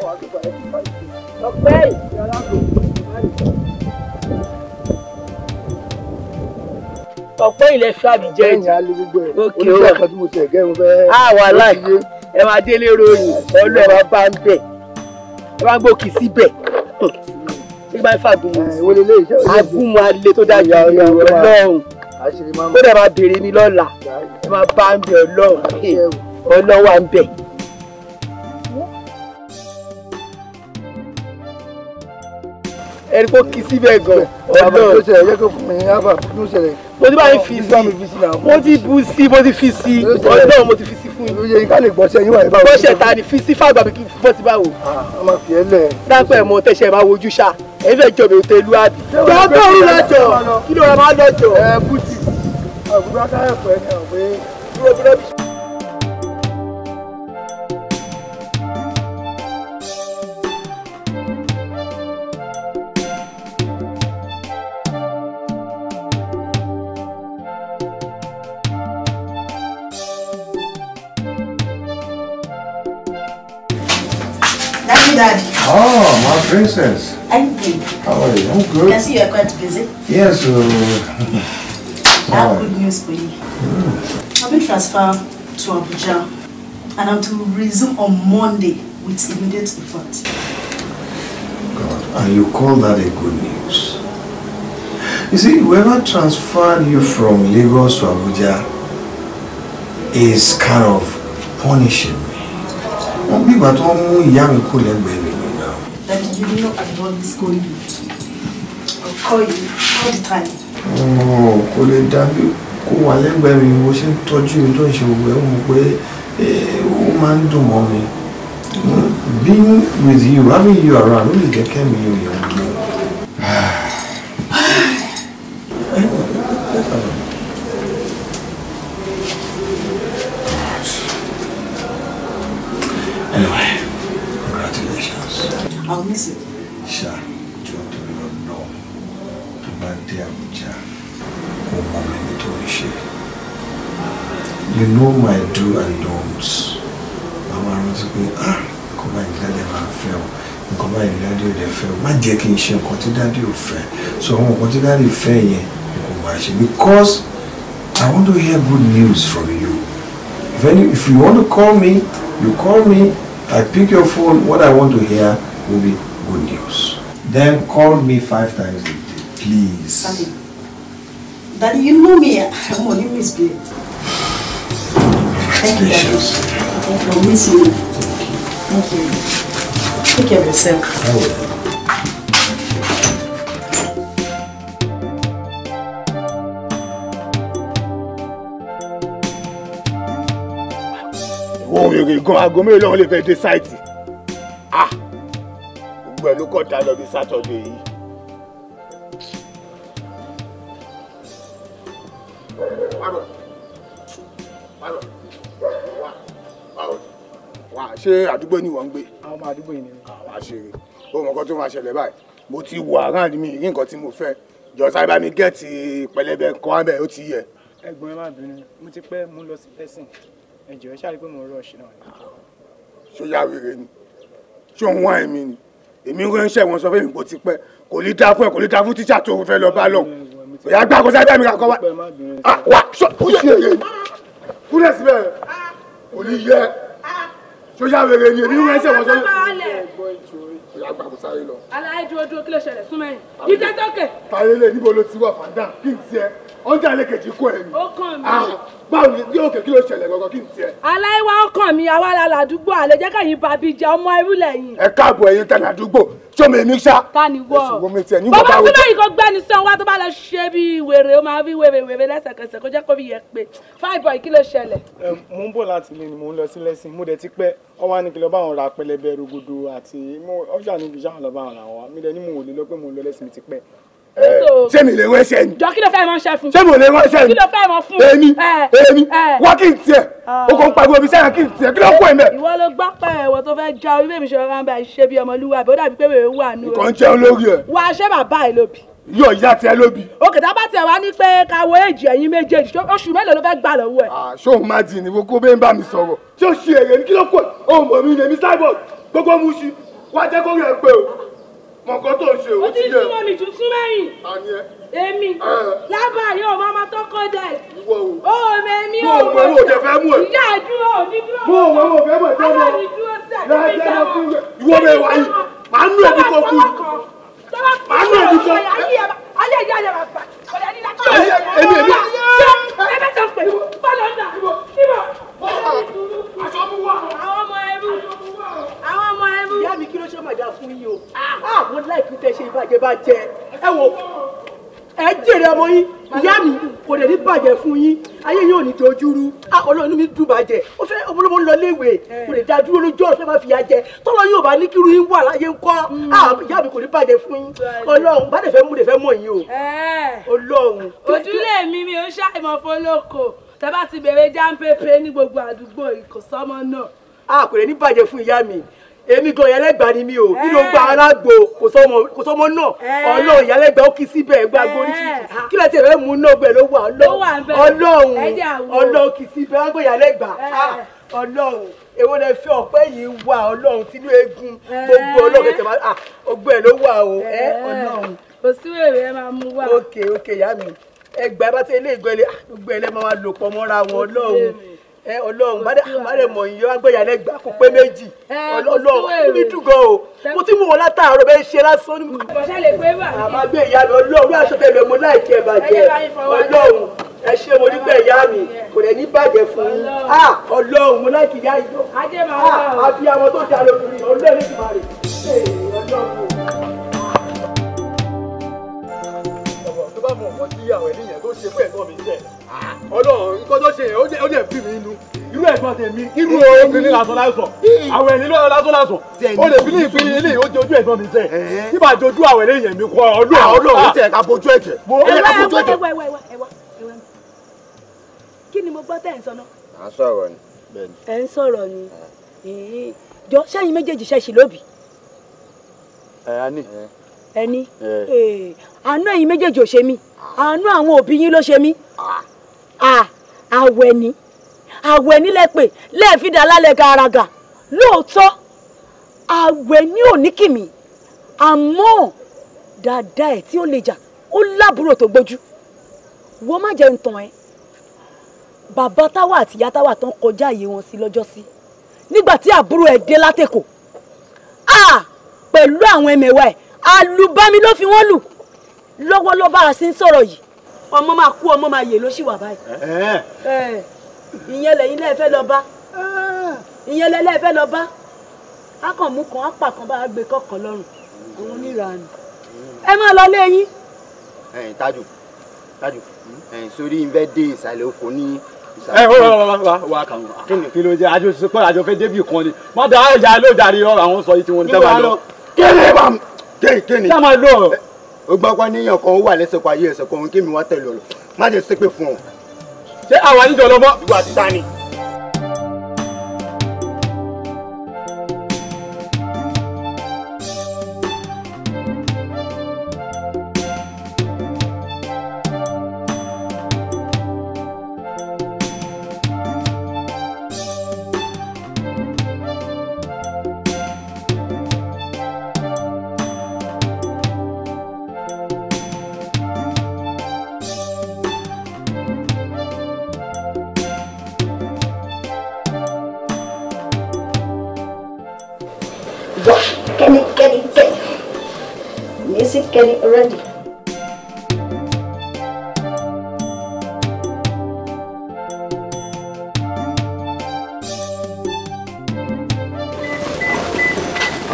ọpẹ́ ọ̀pọ̀ ilẹ̀ fàmì jẹ́ ìdí. bẹ́ẹ̀ni alẹ́ gbogbo ẹ̀ oníṣẹ́ a wà láì ẹ máa délé ròyìn ọlọ́ ẹ máa bá ń bẹ̀ ẹ máa gbòkì síbẹ̀ ṣé bá ń fàgùnmọ̀ agúnmọ̀ alẹ́ tó dájú ọlọ́run ó dẹ̀ máa béèrè mi lọ́la ẹ máa bá ń bẹ̀ ọlọ́run ọlọ́wà ń bẹ̀. ẹni kó kí síbẹ̀ gan-an ọlọ́run mo ti báyìí fi sí mo ti bu sí mo ti fi sí ọ̀rẹ́ náà mo ti fi sí fún yín. oye ká lè gbọ́sẹ̀ yín wà ní báwo. gbọ́sẹ̀ ta ni fi sí fáàgbà mi kí n bọ́ sí báwo. Ah, a máa fi ẹ́ lẹ̀. dápẹ́ mo tẹ̀sẹ̀ máa wojú ṣá èyí fẹ́ jọ mi ò tẹ́lu àbí. dọ́gbọ́n òun lọ́jọ́ kí ló ra máa lọ́jọ́. ẹ bùtì àbúrò akáyọ̀ pẹ̀lú àwọn ẹ̀ Daddy. Oh, my princess. I'm good. How are you? I'm good. I see you are quite busy. Yes. Uh, I have good news for you. Mm. I've been transferred to Abuja and I'm to resume on Monday with immediate effect. God, and you call that a good news? You see, whoever transferred you from Lagos to Abuja is kind of punishing wọ́n bí ìgbà tó ń mú ìyá mi kó lẹ́gbẹ̀ẹ́ mi nígbà. you know I this go you. all the time. Ọ̀ kò lè dá bí kó wà lẹ́gbẹ̀ẹ́ mi bó ṣe ń tọ́jú mi tó ń ṣe òwe ó mọ̀ pé ó máa ń dùn mọ́ mi. Being with you, having you around, ó lè jẹ́ kẹ́mi ìrìn àjò. Anyway, congratulations. I'll miss you. Sha, jọ torí ọ̀nà tó bá dé Àbújá, ó mọ mi nítorí ṣe. You know my do and don'ts. Màmá rántí pé, ah, kò máa ní dáadé máa fẹ́ o, nǹkan máa ní dáadé ò dẹ̀ fẹ́ o, má jẹ́ kí n So àwọn nǹkan tí dáadé fẹ́ because I want to hear good news from you. If, any, if you want to call me, you call me I pick your phone, what I want to hear will be good news. Then call me five times a day, please. Daddy, Daddy you know me. I'm on you, Miss B. Thank you, Daddy. Thank you. I'll miss you. Thank you. Take care of yourself. I will. ohun èrè gan aago mélòó lọ́wọ́ lè fẹ́ dé sáìtì ah gbogbo ẹ̀ ló kọ̀ dá lọ bí sátọ̀dé yìí. wà á ṣe àdúgbò ni wọ́n ń gbé. àwọn ọmọ àdúgbò yìí ni. àwọn àṣeré ohun ọkọ tó máa ṣẹlẹ̀ báyìí mo ti wọ àráàlú mi rí nǹkan tí mo fẹ́ jọ sáré mi gẹ̀ẹ́tì pẹlẹbẹ kan abẹ ó ti yẹ. ẹ̀gbọ́n ẹ má bínú mo ti pẹ́ mú lọ sí pẹ́sìn ẹ jẹ́ ṣáà pé mo ń rush náà ni. ṣó yá ni ṣó ń wọ́n èmi ni èmi ránṣẹ́ wọn sọ fún mi kò ti pẹ́ kò ní dá fún ẹ kò ní dá fún tíṣà tó fẹ́ lọ bá lọ òyà gbà kó sáyà mi kankan wá ah, wá ṣó ṣe èyẹ ni kúrẹ́ síbẹ̀ kò ní yẹ ṣó yá ni èmi ránṣẹ́ wọn sọ fún mi àgbà kò dúró kí ló ṣẹlẹ̀ súnmẹ́yìn. ìdẹ́tọ̀kẹ̀. tayé lè níbo ló ti wà fàdà kí n tiẹ̀ ọjà ẹlẹ́kẹ̀jì kó ẹ̀ ni. ó kàn mí. Ah, báwo ni bí òkè kí ló ṣẹlẹ̀ gangan kí n tiẹ̀. aláìwá ọkàn mi àwa la làdúgbò àlè jẹ́ kẹ́yìn bàbí jẹ ọmọ irú lẹ́yìn. ẹ káàbọ̀ ẹ̀yin tẹ̀lé àdúgbò sọmọ èmi sá. tani wọ bàbá súnmọ́ yìí kò gbẹ́ni sàn wá tó bá lọ ṣe bí wèrè ó máa fi wèrè wèrè lẹ́sẹ̀kẹsẹ̀ kó jẹ́ kó fi yẹ pé fáì bọ̀ kí ló ṣẹlẹ̀. mo ń bọ̀ láti ilé ni mo ń lọ sí mo dẹ̀ ti pẹ́ ọwọ́ ni kí lọ́ọ́ bá wọn ra pẹlẹbẹ rogodo àti ọjà níbi iṣẹ́ àwọn lọ́ọ́ bá wọn ra wọn mi dẹ̀ ni mo ò lè lọ pé mo ń lọ lẹ́sìn mi ti pẹ́ Eh, ṣé mi lè wẹ́sẹ̀ ni. jọ kí ló fẹ́ mọ ṣe fún. ṣé mo lè wẹ́sẹ̀ ni. kí ló fẹ́ mọ fún. èmi eh, èmi eh. wá kí n tiẹ̀ ah. o kò ń pariwo mi sẹ́yìn kí n tiẹ̀ kí ló kó ẹ̀mẹ́. ìwọ ló gbọ́ pé ẹ̀wọ̀ tó fẹ́ já orí bèmi ṣọra ń bá ṣe bí ọmọlúwàbí ó dàbí pé wèrè wà nù. nǹkan jẹun lórí ẹ. wà ṣe bàbá ẹ lóbi. yóò yá tiẹ lóbi. òkè tá a bá tiẹ̀ wá ní pé káwọ èjì ẹ̀yin méjèèjì oṣù mélòó ló fẹ́ gbà lọ́wọ́ ẹ̀. ṣóun má di ìnìwó kó bẹ́ẹ̀ bá mi sọ̀rọ̀ ṣé o ṣe èrè ní kí ló kó ẹ̀ òun mọ̀ mi lèmi cyborg gbogbo mu ṣi wá jẹ́ kó rẹ̀ pé o mọ̀kọ́ tó ṣe òun ti yẹ. o ti súnmọ́ mi jù sún mẹ́yìn. àní ẹ. èmi lábàáyé ọmọ ọmọ tó kọjá ẹ. ìwọ o. o mẹ́mí o. mo ò mọ̀ ọ́ jẹ fẹ́ mú ẹ. ìyá àdúrà ò ní dúró. mo ò mọ̀ ọ́ fẹ́ mọ̀ jẹ́ mọ́. aláàbí dúró sí àdébí jáwọ́. ìwọ wá yìí màá nù ẹbí kọ kú. màá nù ẹbí kọ. ayé ìyá rẹ̀ bàbà. ọ̀rẹ́ má dáa fún yín o àwọn ah, láìpẹ́ tẹ ṣe ìbàjẹ́ bá jẹ ẹ wo ẹ jèrè ọmọ yín ìyá mi kò dẹ̀ ní bàjẹ́ fún yín ayé yóò ní dojúrú ah, ọlọ́run inú mi dùn bàjẹ́ ó fẹ́ ọmọlọ́mọ ń lọ léèwé kò lè dá dúró lójú ọ̀sẹ̀ máa fi ya jẹ tọ́lọ́ yóò bá ní kírú yín wà láyé ńkọ́ hmm. ah, ìyá mi kò ní bàjẹ́ fún yín ọlọ́run bá dẹ̀ fẹ́ mú dẹ̀ fẹ́ mọ̀ yín o ọlọ́run. òdúlé mi mi ò ṣàìmọ̀ fọlọ́kọ̀ tẹ́bá ti bẹ̀rẹ̀ jáńpépé ní gbogbo àdúgbò ìkọ̀sọ́mọ èmi gan ìyálẹ́gbà ni mi ò nínú gba eh. alágbo kò sọmọ náà eh. ọlọ́run ìyálẹ́gbà ó kí síbẹ̀ gba agbó oríṣiríṣi eh. kí lẹ́tí ẹ̀rọ mú náà bẹ̀ ló wà ọlọ́run ọlọ́run kì í síbẹ̀ wọ́n gbé ìyálẹ́gbà ah, ọlọ́run èwo lè fi ọ̀pẹ́ yìí wà ọlọ́run tínú eegun gbogbo ọlọ́run kẹtẹ máa ọgbẹ́ ah, ló wà o ẹ ọlọ́run. kò sí wèrè ẹ máa mú wá. ok ok ìyá mi ẹgbàá bá tẹ ilé ìgbẹ́lẹ̀ ah, gbogbo ẹlẹ́ máa lò pọ̀ mọ́ra wọn ọlọ́run ẹ Ọlọ́run bàdé mọ iyọ agbẹyàlẹ gbà kó pé méjì Ọlọ́run mi dùn gan o mo ti mú wọn látàárọ̀ bẹ ṣe lásán ní. bàtà lè pé wà. àmọ́ gbé ìyá mi Ọlọ́run bí aṣọ tẹlẹ mo láìkẹ bàjẹ́ Ọlọ́run ẹ ṣe mo dúpẹ́ ìyá mi kò lè ní bàjẹ́ fún yín Ọlọ́run ah, mo láìkẹ ìyá ìjọ ah, àbí àwọn tó ṣe àlòkùnrin Ọlọ́run ti máa rè é Ọlọ́run. bá mọ̀ nǹkan tí àwọn ènìyàn tó ṣe fún ẹ̀gbọ́n mi jẹ́ ọlọ́run nǹkan tó ṣe ó dẹ̀ bí mi inú irú ẹ̀gbọ́n tèmi irú obìnrin lásán lásán àwọn ẹ̀ní lọ́wọ́ lásán lásán ó lè fi ní ìpínlẹ̀ ilé yìí ó jojú ẹ̀gbọ́n mi jẹ́ nígbà jojú àwọn ènìyàn mi kọ́ ọlọ́run ah, ọlọ́run tẹ̀ ká bojú ẹ̀jẹ̀ ẹ̀ka bojú ẹ̀jẹ̀. kí ni mo gbọ́ tẹ̀ ń sọ náà. à ń sọ̀rọ̀ ni. ẹ̀ ń sọ̀rọ̀ ni jọ sẹ́yìn méjèèjì ṣẹ̀ṣì lóbì. ẹ̀ á ní ẹni eh, àánú ẹ̀yin méjèèjì ò ṣe mí àánú àwọn òbí yín ló ṣe mí àwẹ̀ ni àwẹ̀ ni lẹ́pẹ̀ lẹ́ẹ̀fídà lálẹ́ gàràgà lóòótọ́ àwẹ̀ ni ò ní kìmí àmọ́ dáadáa ẹ̀ tí ó lè jà ó lábúrò tó gbójú wo má jẹun tán ẹ bàbá táwa àti ìyá táwa tán kọjá àyè wọn sí lọ́jọ́ sí nígbà tí àbúrò ẹ̀ dé látẹ̀kọ̀ pẹ̀lú àwọn ẹ̀mẹ̀wá ẹ̀ àlùbami ló fi wọ́n lù lọ́wọ́ ló bá a sí ń sọ̀rọ̀ yìí ọmọ máa kú ọmọ máa yè ló sì wà báyìí ìyẹn lẹ́yìn lẹ́ẹ̀fẹ́ lọ bá ìyẹn lẹ́ẹ̀fẹ́ lọ bá akànmú kan apà kan bá a gbé kọ̀ọ̀kan lọ́rùn àwọn oníranù ẹ máa lọ lé yín. ẹ̀yin tájù tájù ẹ̀yin sórí ń fẹ́ dé ìsàlẹ̀ oko ní ẹ wọ́n wọ́n wọ́n wọ́n wà kàn wọ́n kí ló jẹ́ àjọṣepọ̀ àjọfẹ́ débì kan ni má dáa ẹ̀yà ló jàre àwọn sọ yìí tí wọ́n ń tẹ́ wá lọ. kí ni wàá kéènì kéènì. ṣé máa lọ. o gbọ́ pé níyàn kan wà lẹ́sẹ̀ kan ayé ẹ̀sẹ̀ kan kí mi wá tẹ̀lé ọ̀rọ̀ má jẹ́ ṣépè fún ọ. ṣé àwọn àníjọ lọ ìwà ti ta ni. very ready.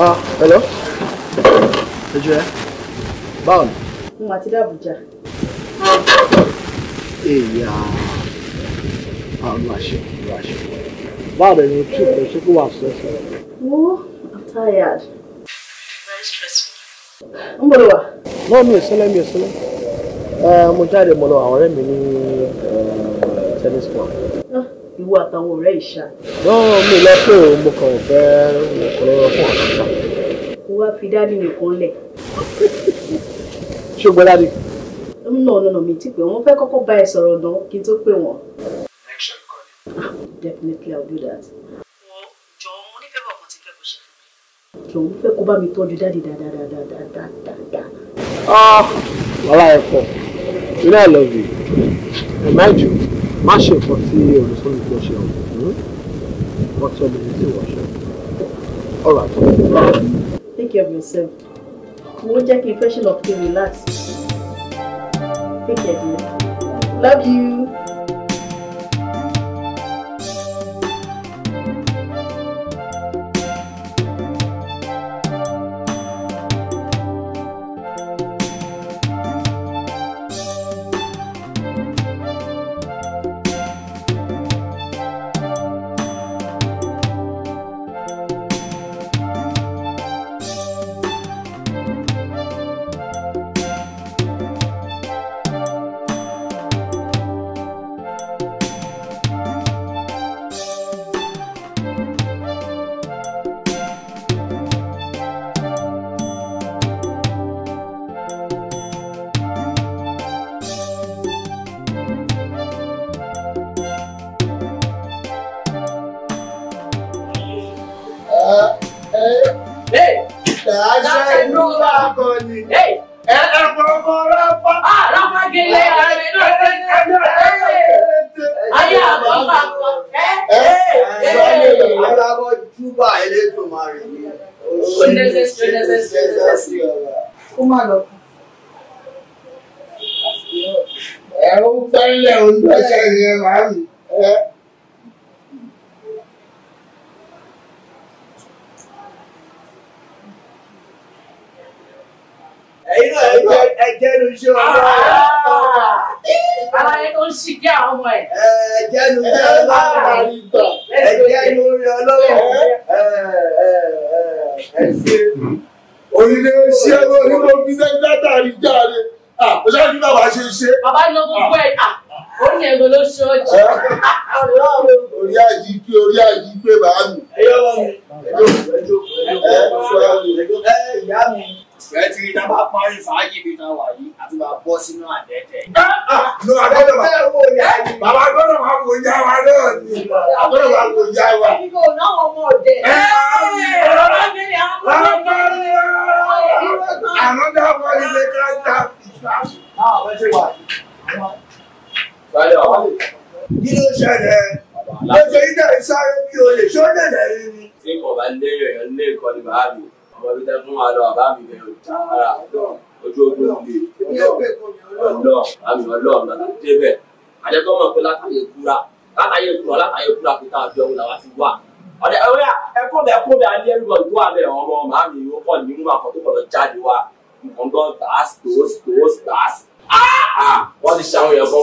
Ah, hello. Ejue. Eh? Báwo ni? Mo àti Dàbújá. Èèyà. Àwọn àṣẹ ìlú àṣẹ. Báwo ni tí o ṣe I'm tired. Very stressful. Ń bọ̀ wọ́n mi ò sílẹ̀ mi ò sílẹ̀ mo jáde mo lọ àwọn ọ̀rẹ́ mi ní tennis club. Ah, ìwọ àtàwọn ọ̀rẹ́ ìṣá. náà mi lọ pé òun mo kàn fẹ́ ọ̀rọ̀ fún àkàtà. mo wá fi dádì nìkan lẹ̀. ṣé o gbọ́ dádì. nínú ọ̀nà mi ti pè wọ́n fẹ́ kọ́kọ́ bá ẹ sọ̀rọ̀ náà kí n tó pè wọ́n. Ah, definitely I'll do that. jọ̀wọ́ mo fẹ́ kó bá mi tọ́jú dádì dáadáa dáadáa dáadáa dáadáa ah wàhálà ẹ you know i love you ẹ máa jù má ṣe nǹkan tí olùsọ́nù tó ṣe ọ̀hún hmm? wọ́n tọ́ mi sí ìwọ̀ṣẹ́ all right. take care of yourself wo jẹ́ kí fẹ́ṣẹ̀ lọ fi relax take care of you love you.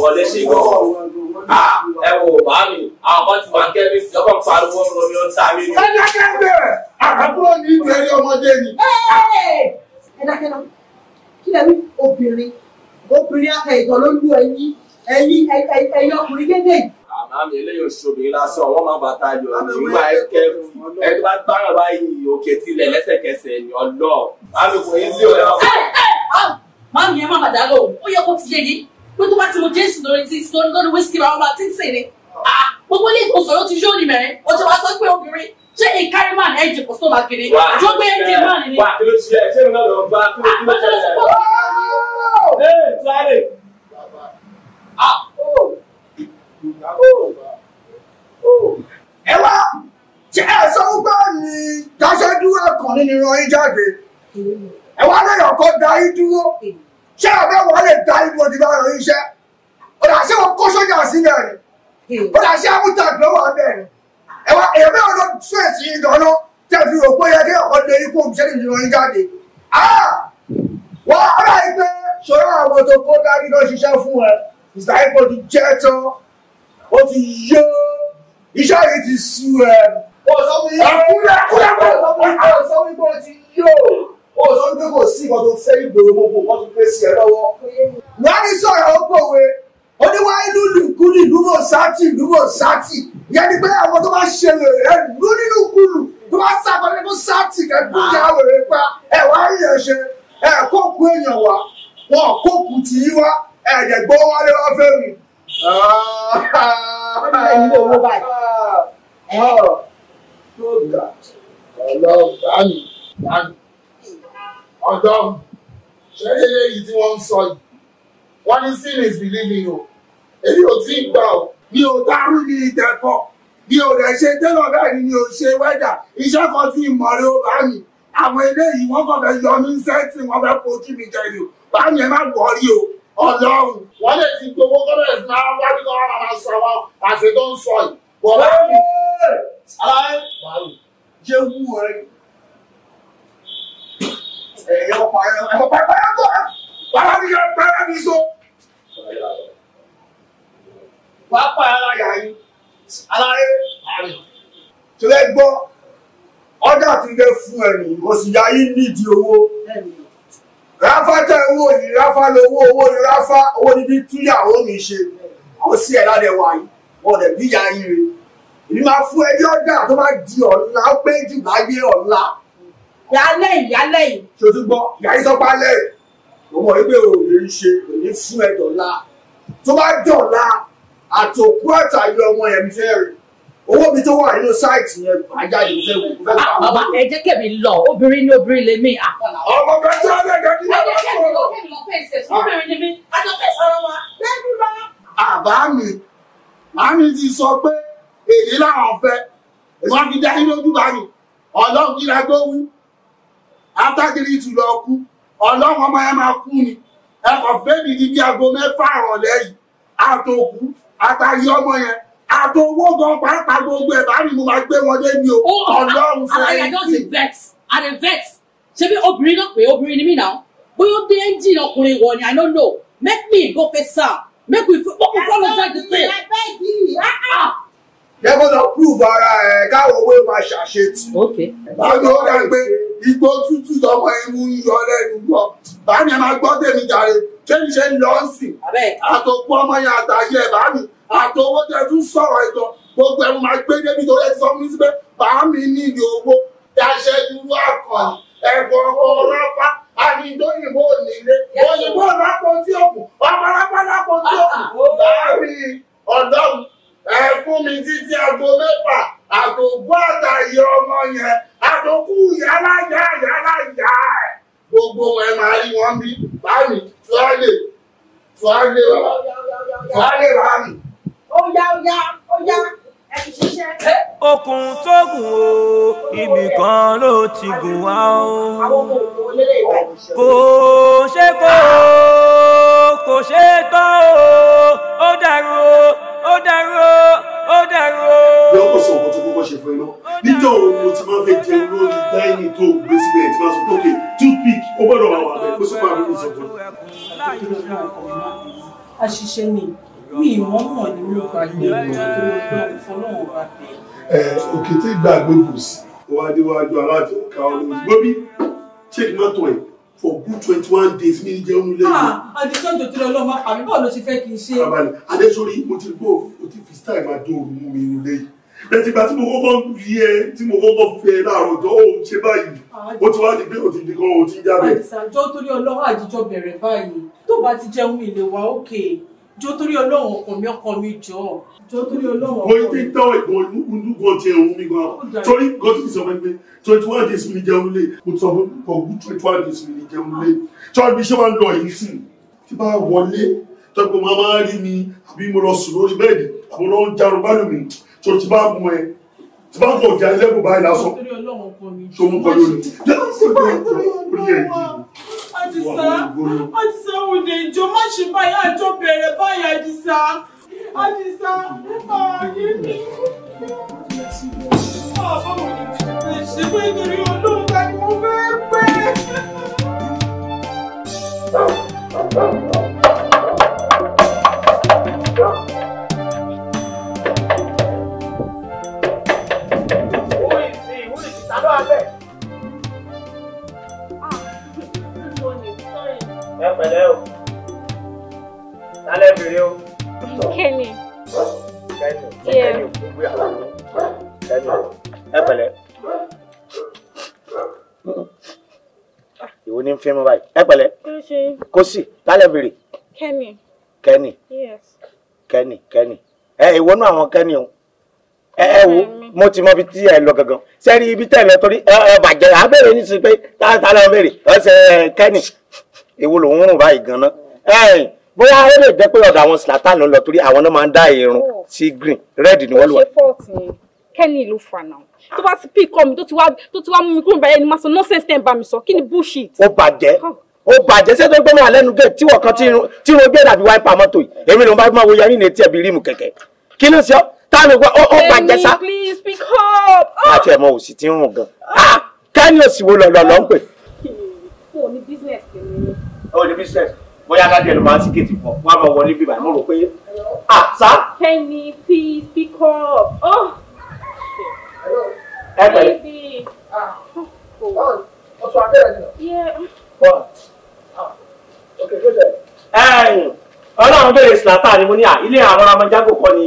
wọlé ṣe gbọ́ ẹ wò bá àwọn kan ti wà ń kẹ́mi sí ọkọ̀ pariwo ń romi mi ẹ dákẹ́ bẹ̀rẹ̀ àbúrò ní ìbẹ̀rẹ̀ ọmọdé ni. ẹ dákẹ́ náà kí lẹ́nu obìnrin obìnrin àtẹ ìtọ́ ló lú ẹyin ẹyin ẹyin ọkùnrin kéde. àmọ́ mi eléyìí oṣooṣù lásán ọwọ́ máa bá ta yọ nígbà ẹkẹ ẹ bá gbára báyìí òkè tilẹ̀ lẹ́sẹ̀kẹsẹ̀ ni ọlọ́ọ̀ má kò yín sí òyà. máa ẹ má bàdá pé tó bá ti mu jésù lórí tí lórí wíṣíkì bá wọn bá ti ń sè ni gbogbo ilé ìtòsàn ló ti yóò ní mẹ́rin ó ti wá sọ pé obìnrin ṣé ìkárí máa ní ẹ̀jẹ̀ kò sọ máa kiri jó gbé ẹ̀jẹ̀ máa ní. wà á kí ló ẹ ṣé mi náà lọ bá kí ló ṣe ẹ. ẹ ẹ sáré. ẹ wá ṣe ẹ sọ wípé ní dáṣẹ́ dúró ẹ̀kọ́ nínú ìran jáde ẹ wá lẹ́yìn ọkọ̀ dá yín dúró ṣé àbẹ́ wàá lè da ibi ọdún bá ràn iṣẹ́ ọ̀dà ṣé wọn kọ́ sọ́jà sí bẹ̀rẹ̀ ọ̀dà ṣé àbúta àgbẹ̀ wà bẹ̀rẹ̀ ẹ̀wà èèyàn bẹ́ẹ̀ ọdún fèsì ìdáná tẹ̀fi òpó yẹ kí ọkọ̀ lè rí sẹ́ni ìdìbò yín jáde ah! wọ́n ọ̀dà yìí pé ṣòro àwọn tó kó dárí náà ṣiṣẹ́ fún ẹ ìsàkó ti jẹ́ tán ó ti yó iṣẹ́ yìí ti sú ẹ. ọ̀sán mi yóò ọ̀kúrẹ́kúrẹ́kúrẹ́ ọ̀sán mi yóò ọ̀sán mi yóò ti yó ó sọ kò sí ìkan tó fẹ́ ìgboro gbogbo wọn ti pè sí ẹ lọ́wọ́. wọ́n sọ̀rọ̀ ó gbòwe ó ní wáyé lùlù sátì lùmọ sátì yẹn pé àwọn tó bá ṣe lèrè lù nínú kúlù tó bá sábà nínú sátì kẹkùn jẹ àwòrán pa ẹ wá yẹn ṣe ẹ kó èèyàn wá wọn kó tì í wá ẹ jẹ gbọ́ wálé wá fẹ́ mi. wọ́n ní ẹ̀yin lè wo báyìí. Ah ọ̀dọ́rùn ṣẹ́yẹ́ léyìí tí wọ́n ń sọ yìí wọ́n ní sin is believing o èyí ò tí ì gbà o mi ò dárú ní ìdẹ́kọ̀ mi ò rẹ̀ ṣe tẹ́lọ̀ bẹ́ẹ̀ ni mi ò ṣe wẹ́dà iṣẹ́ kan tí ìmọ̀rẹ́ ó bá mi àwọn eléyìí wọ́n kàn fẹ́ yọ mí sẹ́ẹ̀tì wọ́n fẹ́ fojú mi jẹ ni o bá mi ẹ má wọrí o ọlọ́run wọ́n lè ti gbowó gómìnà sí náà wá bí wọ́n máa sọ wọn àti tó ń sọ yìí. bọ̀dá mi aláìbàárù jẹ́ wú ọ̀rẹ́ ẹ̀yọ́ pààyà ẹ̀fọ́ pààyà tó ẹ̀ wàhálà mi yọ pààyà mi so. wà á pààyà ara yà yín ara rẹ tó lẹ gbọ́ ọ́dà tí lè fún ẹ̀yìn òsìyà yín nídìí owó ráfá tẹ owó ní ráfá lówó owó ní ráfá owó níbi túyàwó mi ṣe kò sí ẹ̀ ládẹ̀ wáyé wọ́n bí yà yín rè èmi máa fún ẹjọ́ dà tó máa di ọ̀la ó pé jù láyé ọ̀la yálẹ̀ yálẹ̀ yìí. ṣojú gbọ́ yàrá ìsọpá lẹ̀ mo mọ̀ wípé o lè ṣe èyí fún ẹ dọ̀la tó bá dọ̀la àtòkú àtàyè ọmọ yẹn fẹ́ rí owó mi tó wà nínú sáìtì yẹn àjáde fẹ́ wò. bàbá ẹ jẹ́ kẹ́mi lọ obìnrin ní obìnrin lè mí. Ah. ọmọ kan tí wọn lè kí wọn bá sọ̀rọ̀. Ah. obìnrin ni mí àjọ fẹ́ sọ̀rọ̀ wa lẹ́nu lọ. àbá mi àmì ti sọ pé èyí làwọn fẹ́ ìwádìí dá yín lójú bá ọlọ́run kí la gbó wí after three two lọ kú ọlọ́run ọmọ yẹn máa kú ni ẹkọ̀ bẹ́ẹ̀ni ní bí aago mẹ́fà ìrọ̀lẹ́ yìí àtòkù àtàyè ọmọ yẹn àtò gan pàápàá gbogbo ẹ̀ bá mi mo máa gbé wọn mi o oh, ah, ọlọ́run fẹ́ẹ́ sí. àdè vex ṣé bí obìnrin náà pé obìnrin ni mí náà bóyá ó dé ẹ́ńjìn ọkùnrin wọ̀ ni i no know make me go face am make we follow try to pay kẹ́kọ̀ọ́ náà prove ara ẹ̀ káwọn owó máa ṣàṣetì. báyọ̀ ó dẹ́rù pé igbó tútù tọmọ imú yọ lẹ́nu gbọ́ báyọ̀ ẹ máa gbọ́ tèmi jàre tẹ́mi ṣe ń lọ sí àtòpọ̀ ọmọ yẹn àtàyè báyọ̀ àtòwó tẹ tún sọ̀rọ̀ ìtàn gbogbo ẹ̀rù máa gbé débi tó lẹ́ sọ mí síbẹ̀ báàmì ní ìdí owó dáṣẹ́ dúró àkànní ẹ̀gbọ́n ọlọ́pàá àdìdóyìnbó nílé òyìnbó lápò tí òkú ọmọ lápá lápò tí òkú ah, ah, ah. báàmì ọ̀dọ́rùn ẹ fún mi títí aago mẹ́fà àdògbò àtàyè ọmọ yẹn àdòkù yàráyà yàráyà ẹ̀ gbogbo ẹ máa rí wọn bí báyìí tíwálè tíwálè tíwálè ráàmì. ó yá ó yá ó yá okùn tó gùn o ibì kan ló ti gùn wá o kò ṣe kó o kò ṣe tán o ó dàrú o ó dàrú ó dàrú. bí ọkọ sọ ọkọ tó kọ́kọ́ ṣe fún ẹ náà níjọ́ òun mo ti máa ń fẹ́ jẹun lórí dáìní tó gbé síbẹ̀ tí máa sọ pé òkè toothpick ó gbọ́dọ̀ wà wà bẹ́ẹ̀ kó sì máa bẹ́ẹ̀ sọ fún àṣìṣe ni mi ìmọ̀ọ́mọ̀ ni mo gbàgbé ìmọ̀ọ́mọ̀ fọlọ́run bá bẹ̀. ẹ òkè tí gbàgbé kù sí wájú wájú aláàjọ ká ọ lórí gbóbi ṣé ìmọ̀tò ẹ̀ for good twenty one days mi jẹun lẹ́yìn. Ah, àdìsọ́ jòjì lọ́lọ́ máa pàmí báwo ló ṣe fẹ́ kí n ṣe. abalẹ̀ adéṣorí mo ti kó o ti fi style máa dún òru mú mi inú lẹ́yìn bẹ́tìgbà tí mo kọ́kọ́ rí ẹ tí mo kọ́kọ́ fẹ́ láàárọ̀ tó ó ń ṣe báyìí ó ah, ti wá di pé ó ti di kan ó ti jábẹ́. àdìsàjọ́ torí ọlọ́wọ́ àjíjọ bẹ̀rẹ̀ báyìí tó bá ti jẹun ilé wa ókè. Okay jó torí ọlọ́run ọkọ mi ọkọ mi jọ jó torí ọlọ́run ọkọ mi. mo ti tọ́ ìbò olúgbò tiẹ̀ òun mi gan-an torí gọ́tí sọ fún mi twenty one days mi ni jẹun lé mo sọ fún mi kọ̀ọ̀gù twenty one days mi ni jẹun lé tọ́jú bí ṣé wàá lọ yìí sùn tí bá wọlé tọ́jú pé màmá rí mi àbí mo lọ sùn lórí bẹ́ẹ̀dì àwọn ọlọ́run jarun bá lù mí tó ti bá mú ẹ tí bá kọ̀ ẹlẹ́gùn báyìí lásán tó mú kọ́ lórí àdìsá àdìsá òde ìjọ má ṣe báyà àjọ bẹ̀rẹ̀ báyà àdìsá àdìsá ààyè mi. báwo ni mo ṣe pé nítorí ọlọ́run ta ni mo fẹ́ pẹ́. Thank you. rẹ o. kẹ́ni. kẹ́ni kẹ́ni òkú àwọn kẹ́ni ẹ pẹ̀lẹ́. ìwo ni ń fi mú báyìí ẹ pẹ̀lẹ́. kó sì tálẹ̀ bèrè. kẹ́ni. kẹ́ni. kẹ́ni kẹ́ni ẹ ìwọ náà àwọn kẹ́ni o ẹ wo mo ti mọ ibi tí ẹ lọ gangan sẹ́rí ibi tẹ́ ẹ lọ torí ẹ bàjẹ́ abẹ́rẹ́ ní sí pé tá a lọ béèrè ọ̀sẹ̀ kẹ́ni èwo lòún rùn báyìí gan-an bóyá ó lè jẹ́ pé ọ̀dọ̀ àwọn slatan lọ torí àwọn náà máa ń dá irun oh. sí green red ni wọ́n lò. kẹ́ni ìlú fana tó bá ti pín kọ́ tó ti wá mú mi kúrò báyẹn ni máa sọ nọ́ọ̀sẹ̀sì tẹ̀ ń bá mi sọ kí ni bullshit. ó bàjẹ́ ó bàjẹ́ ṣé tó gbẹ́mọ̀ àlẹ́nu gẹ̀ tí wọ́n kan tí irun gbé dàbí wáìpà mọ́tò yìí èmi ló bá máa wo yarí ní etí ẹ̀bí rímù kẹ̀kẹ́ kí ló ń sọ táwọn ìgbà ó bàjẹ́ sá. please pick up. láti ẹ̀mọ òsì ti ń rùn gan. Ah! kẹ́ni òsì wo lọ̀lọ̀ lọ́ ń pè. o ní business kìíní. o ní business bóyá dájú ẹ̀ ló máa ń tíkẹ́ẹ̀tì fún ọ wọ́n á máa wọlé bíbá ẹ̀ mọ̀ rò pé à ah, sá. Kenny please pick up. Oh. ẹ pẹ̀lẹ́. ọ̀sùn abẹ́rẹ́ ni. ẹ̀yìn ọlọ́run bẹ̀rẹ̀ sílátà ni mo ní à ilé àwọn amajágò kọ́ ni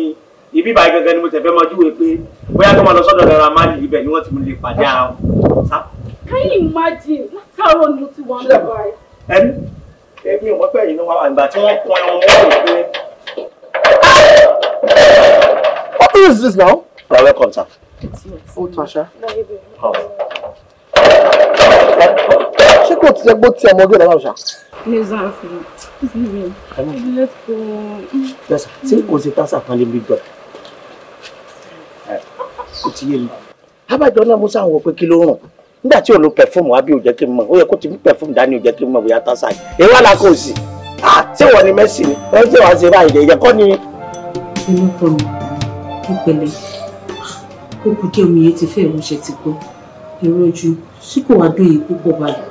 ibi ìbàyí gangan ni mo tẹ̀ fẹ́ mọ júwe pé bóyá tó máa lọ sọ́dọ̀ rẹ̀ máa nìyí bẹ̀ ni wọ́n ti mú lè Can you imagine látàárọ̀ ni mo ti wà ń lọ báyìí èmi ò mọ̀ pé yìí ló wá ìgbà tí wọ́n pọn ẹran wọn rò pé. What is this now? You are welcome, sir. Ó Tasha. Ṣé kò tiẹ̀ gbó tí ọmọ gẹ́gẹ́ lọ́wọ́ ṣá? Ṣé kò sí tásà kan lè bí gbọ́? Kò ti yé mi. Abájọ náà Musa ń wọ pé kí ló rùn nígbà tí ò lo pẹfúmù wá bí ò jẹ́ kí n mọ̀ ó yẹ kó ti mú pẹfúmù dání ò jẹ́ kí n mọ̀ bóyá tásà yìí èyí wà lákò sí ah ṣé wọ́n ni mẹ́sì ni wọ́n ṣe wá ṣe báyìí lè yẹ kọ́ ni. inú kọ́ mi ó pẹ̀lẹ́ ah, ó kù kí omi yẹn ti fẹ́ ìránṣẹ́ ti gbọ́ èrò ojú sí kò wá dóye púpọ̀ báyìí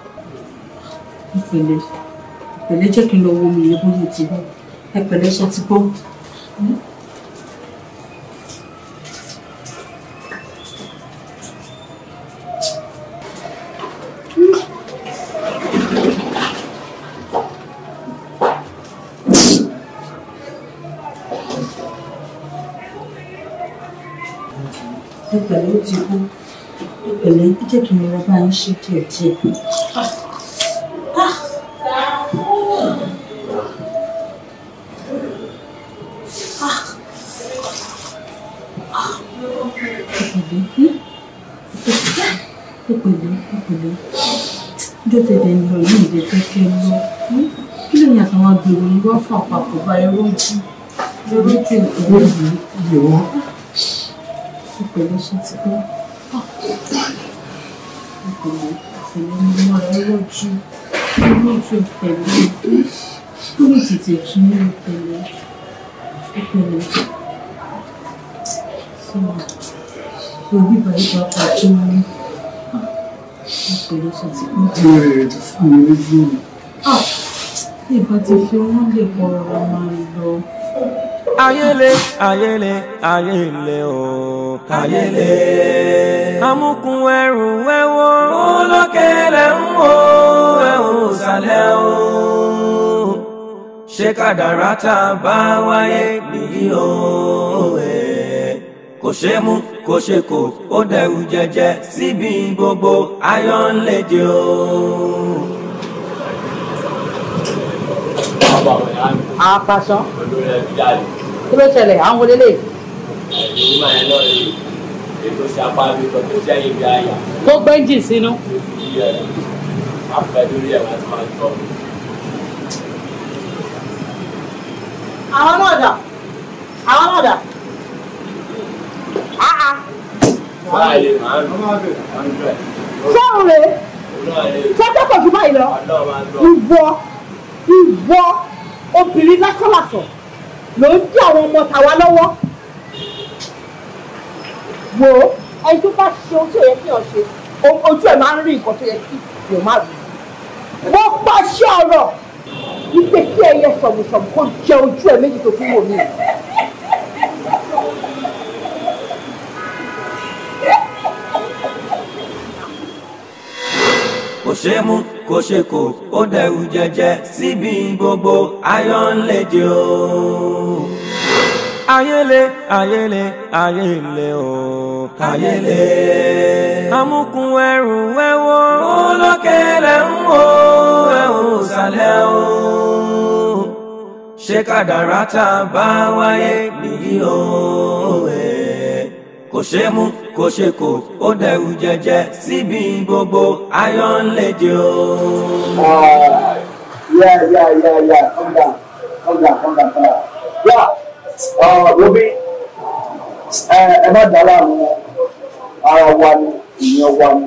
ó pẹ̀lẹ́ ó pẹ̀lẹ́ jẹ́ kí n lọ wo omi yẹn bóyá ti gbọ́ ẹ pẹ̀lẹ́ ṣe ti gbọ́. ló ti kú pẹ̀lẹ́ jẹ́ kí n bá ń ṣe díẹ̀ díẹ̀. ọjọ́ tẹ̀lé ń lọ yìí lè fẹ́ kẹ́ lọ kí ló ní àtàwọn agbèrò ń wá fún àpapọ̀ bá ẹ lójú lórí ètò ìwé ìwé ìpẹ̀lẹ́ ṣe ti gbọ́. ìpẹ̀lẹ́ ìpẹ̀lẹ́ ni ooo káyélé. amúkun ẹrù ẹwọ́. olókè lẹ̀ ń wò ẹ̀hún ìsàlẹ̀ o. ṣé kádàrá tá a bá wáyé nìyí o. kò ṣe mú kò ṣe kò ó dẹrù jẹjẹ síbi gbogbo ayọ̀ ń léde o. àpàṣán kí ló ṣẹlẹ̀ àwọn olè nígbà yẹn náà ni ètò ṣe apá mi kan tó ṣe ayé bí àyà. ó gbé engine sínú. àfẹ́ lórí ẹ̀ láti máa tọ́. àwọn náà dà àwọn náà dà. Fáàlì máa ń lò hundred. Sọ́run rèé. Sọ́jọ́ pọ̀ jù báyìí lọ. Ìwọ ìwọ obìnrin lásánlàsàn ló ń dí àwọn ọmọ tàwa lọ́wọ́ wo ẹni tó bá ṣe ohun tó yẹ kí èèyàn ṣe ojú ẹ̀ máa ń rí nǹkan tó yẹ kí èèyàn má rí wọ́n pàṣẹ ọ̀rọ̀ wípé kí ẹyẹ sọ̀mùsọ̀mù kó jẹ ojú ẹ̀ méjì tó fi wò mí. kò ṣe mú kò ṣe kò ó dẹrù jẹjẹ síbi gbogbo ayọ̀ ń lè jẹ ooo ayele ayele ayele o ayele. amúkun ẹrù wẹ́wọ́. olókè lẹ̀ ń wo ẹ̀hún sálẹ̀ o. ṣé kàdàrá tá a bá wáyé nìyí o kò ṣe mú kò ṣe kò ó dẹrù jẹjẹ síbi gbogbo ayọ̀ ń léde o. Ah, yeah, yeah, yeah, yeah. Come down, come down, come down, come down. Yeah. Ah, obi eh, ẹ má dá láàmú ara wa ni ìyẹn wa ni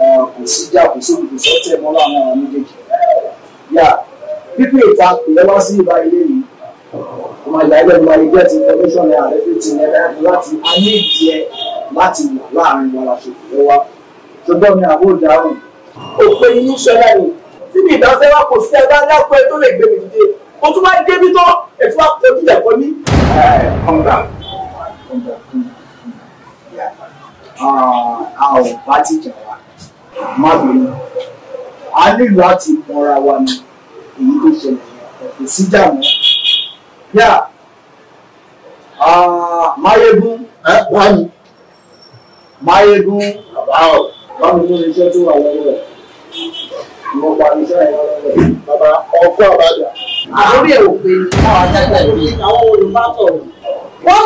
eh, kò sí jà kò sí òkùnkùn sọ́tẹ̀ mọ́ láàmú àwọn méjèèjì yà pípé ìta ìyẹn wá sí ìbá ilé yìí ọmọ ìyá ilé ìwà ilé ti information ẹ̀ àrẹ fífi ẹ̀ láti láti ayé ìdíyẹ láti wà láàrin wa láti ìfẹ́ wa ṣùgbọ́n mi àbó dáhùn. òpin inú ṣẹlẹ̀ ni tí mi ìdásẹ́wà kò sí ẹ bá lápẹ́ tó lè gbé mi dìde mo tún bá débi tó ètò àkójú ẹ̀kọ́ ní uh, come down. Come Yeah. Uh, a ò bá ti jà wá. Má bínú. A nílò láti mọra wa ni èyí tó ṣẹlẹ̀ ọ̀pọ̀ síjà mọ́. Yà Máyégún. Ẹ wá mi. Máyégún. Bàbá ọ̀. Báwo ló lè jẹ́ tó wà àlórí ẹ̀ ò pé wọ́n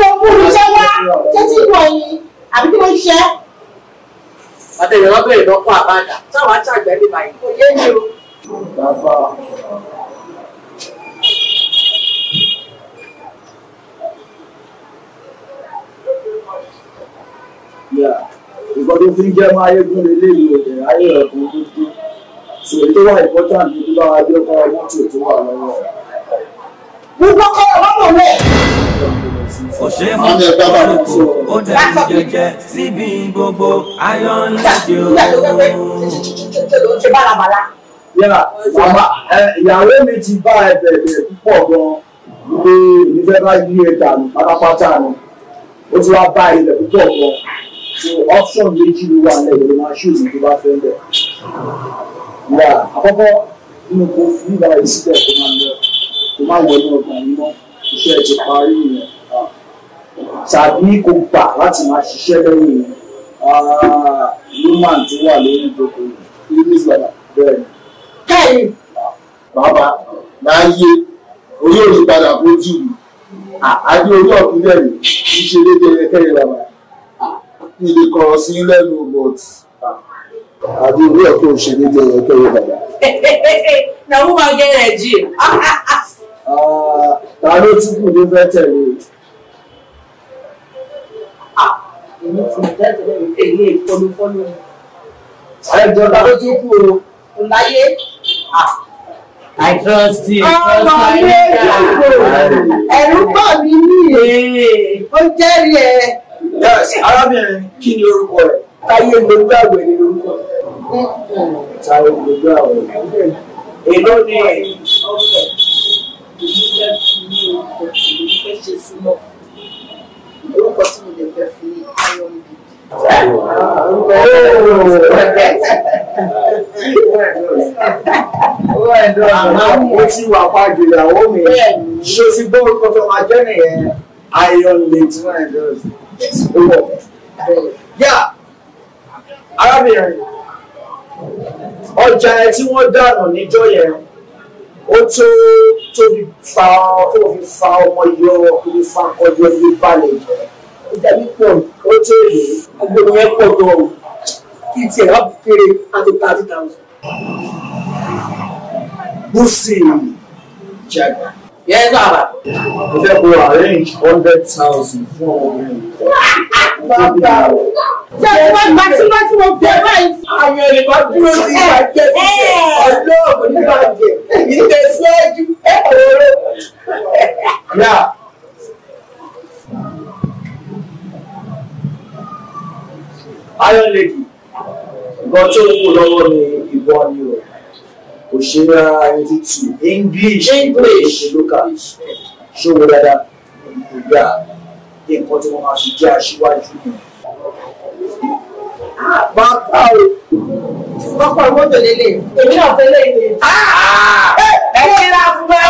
lọ kú iṣẹ́ wá tẹ́tí ìwọ̀ ẹ̀yìn àbí kí wọ́n ṣiṣẹ́. àtẹ̀yìn wọn bẹ̀rẹ̀ lọ́kọ̀ àbáàdà táwọn aṣáàgbẹ̀ lè báyìí kò yé mi o. ìgbọ́dọ̀ fi ń jẹ́ máa yégún lélẹ́yìn ọ̀dẹ̀ ayé ẹ̀kọ́ tó tó so èyí tó wà important ní bí báwa bí ọkọ mọ́tò tó wà lọ́wọ́. gbogbo kọ́ ọlọ́dọ̀ wẹ̀. Òṣè mú olùkó ó dẹ̀rù jẹjẹ síbi gbogbo ayọ̀ Ìyàwó mi ti bá ẹ bẹ̀rẹ̀ púpọ̀ gan-an pé ìfẹ́ bá yí ẹ dànù pátápátá ni ó ti wá bá ilẹ̀ púpọ̀ gan-an so méjì ló wà lẹ́yìn ló máa ṣòwò tó bá fẹ́ bẹ̀ ìyá àkọ́kọ́ nínú kò fi ìgbà yìí síbẹ̀ kó máa lọ kó máa wọlé ọgbà yìí mọ́ iṣẹ́ ti parí yẹn tàbí kò gbà láti máa ṣiṣẹ́ lẹ́yìn yẹn ah, human tó wà lórí ìjókòó yìí ní ìgbàlá bẹ́ẹ̀ ni. bẹ́ẹ̀ni. bàbá láyé orí òní padà bójú mi àdé ah, orí ọ̀kúnlẹ̀ mi ń ṣe déédéé ẹ̀kẹ́ ìlànà ìlè ah, kọ̀ọ̀ sí lẹ́nu but àbí ìwé ẹ̀kọ́ òṣèré jẹ́ ẹ̀kọ́ yóò bàbá. na woman get regime. Ah, ta ló ti kù ní fẹ́ tẹ̀lé o. èmi ti mọ̀ jáde lẹ́yìn èyí ìfọlùfọlù. ẹ̀jọ̀ ta ló ti kù o. kò ah. I trust you. Ọmọ ilé ìdìbò ẹ̀rú pọ̀ mí ní Ó jẹ́rìí ẹ. Yes, arábìnrin kí ni orúkọ rẹ̀? táyé gbogbo àwẹ̀ ni lórúkọ táyé gbogbo àwẹ̀ èló ni ẹ̀. orúkọ tí mo lè fẹ́ fi ayọ̀ mi. Mo ti wà pa ìgbéyàwó mi, ṣo ti gbọ́ orúkọ tó máa jẹ́ nìyẹn, ayọ̀ lè tún ẹ̀dọ́. Yà! arábìnrin ọjà ẹ tí wọ́n dànù níjọ́ yẹn ó tó tó fi fa tó fi fa ọmọ yọ tó fi fa ọyọ ní balẹ̀ jẹ́ ó dàbí pọ̀ ó tó èlé agbègbè yẹn pọ̀ gan o kí tiẹ̀ wá kéré àti thirty thousand. bùsì jàgbá. Yes, Baba. Mo fẹ́ kó arrange hundred thousand fún ọmọbìnrin. Bàbá o. Ṣé ìwọ ìgbà tí wọ́n ti wọ́n fẹ́ báyìí? Àwọn ènìyàn dúró sí ìwà jẹ́ sílẹ̀. Ọjọ́ òbí ní bàjẹ́. Ìtẹ̀síwájú ẹ̀kọ́rọ́. Yà. Ayọ̀lẹ́kì, nǹkan tó ń kó lọ́wọ́ ni ìbọn ni o òṣèré eighty two english english local ṣòwò dáadáa ìgbà nǹkan tí wọ́n máa fi jẹ́ aṣíwájú nìyẹn bá bá o. ọkọ mọ́tò lélẹ̀ èmi náà fẹ́ lé ìwé. ẹ kíra fún ẹ.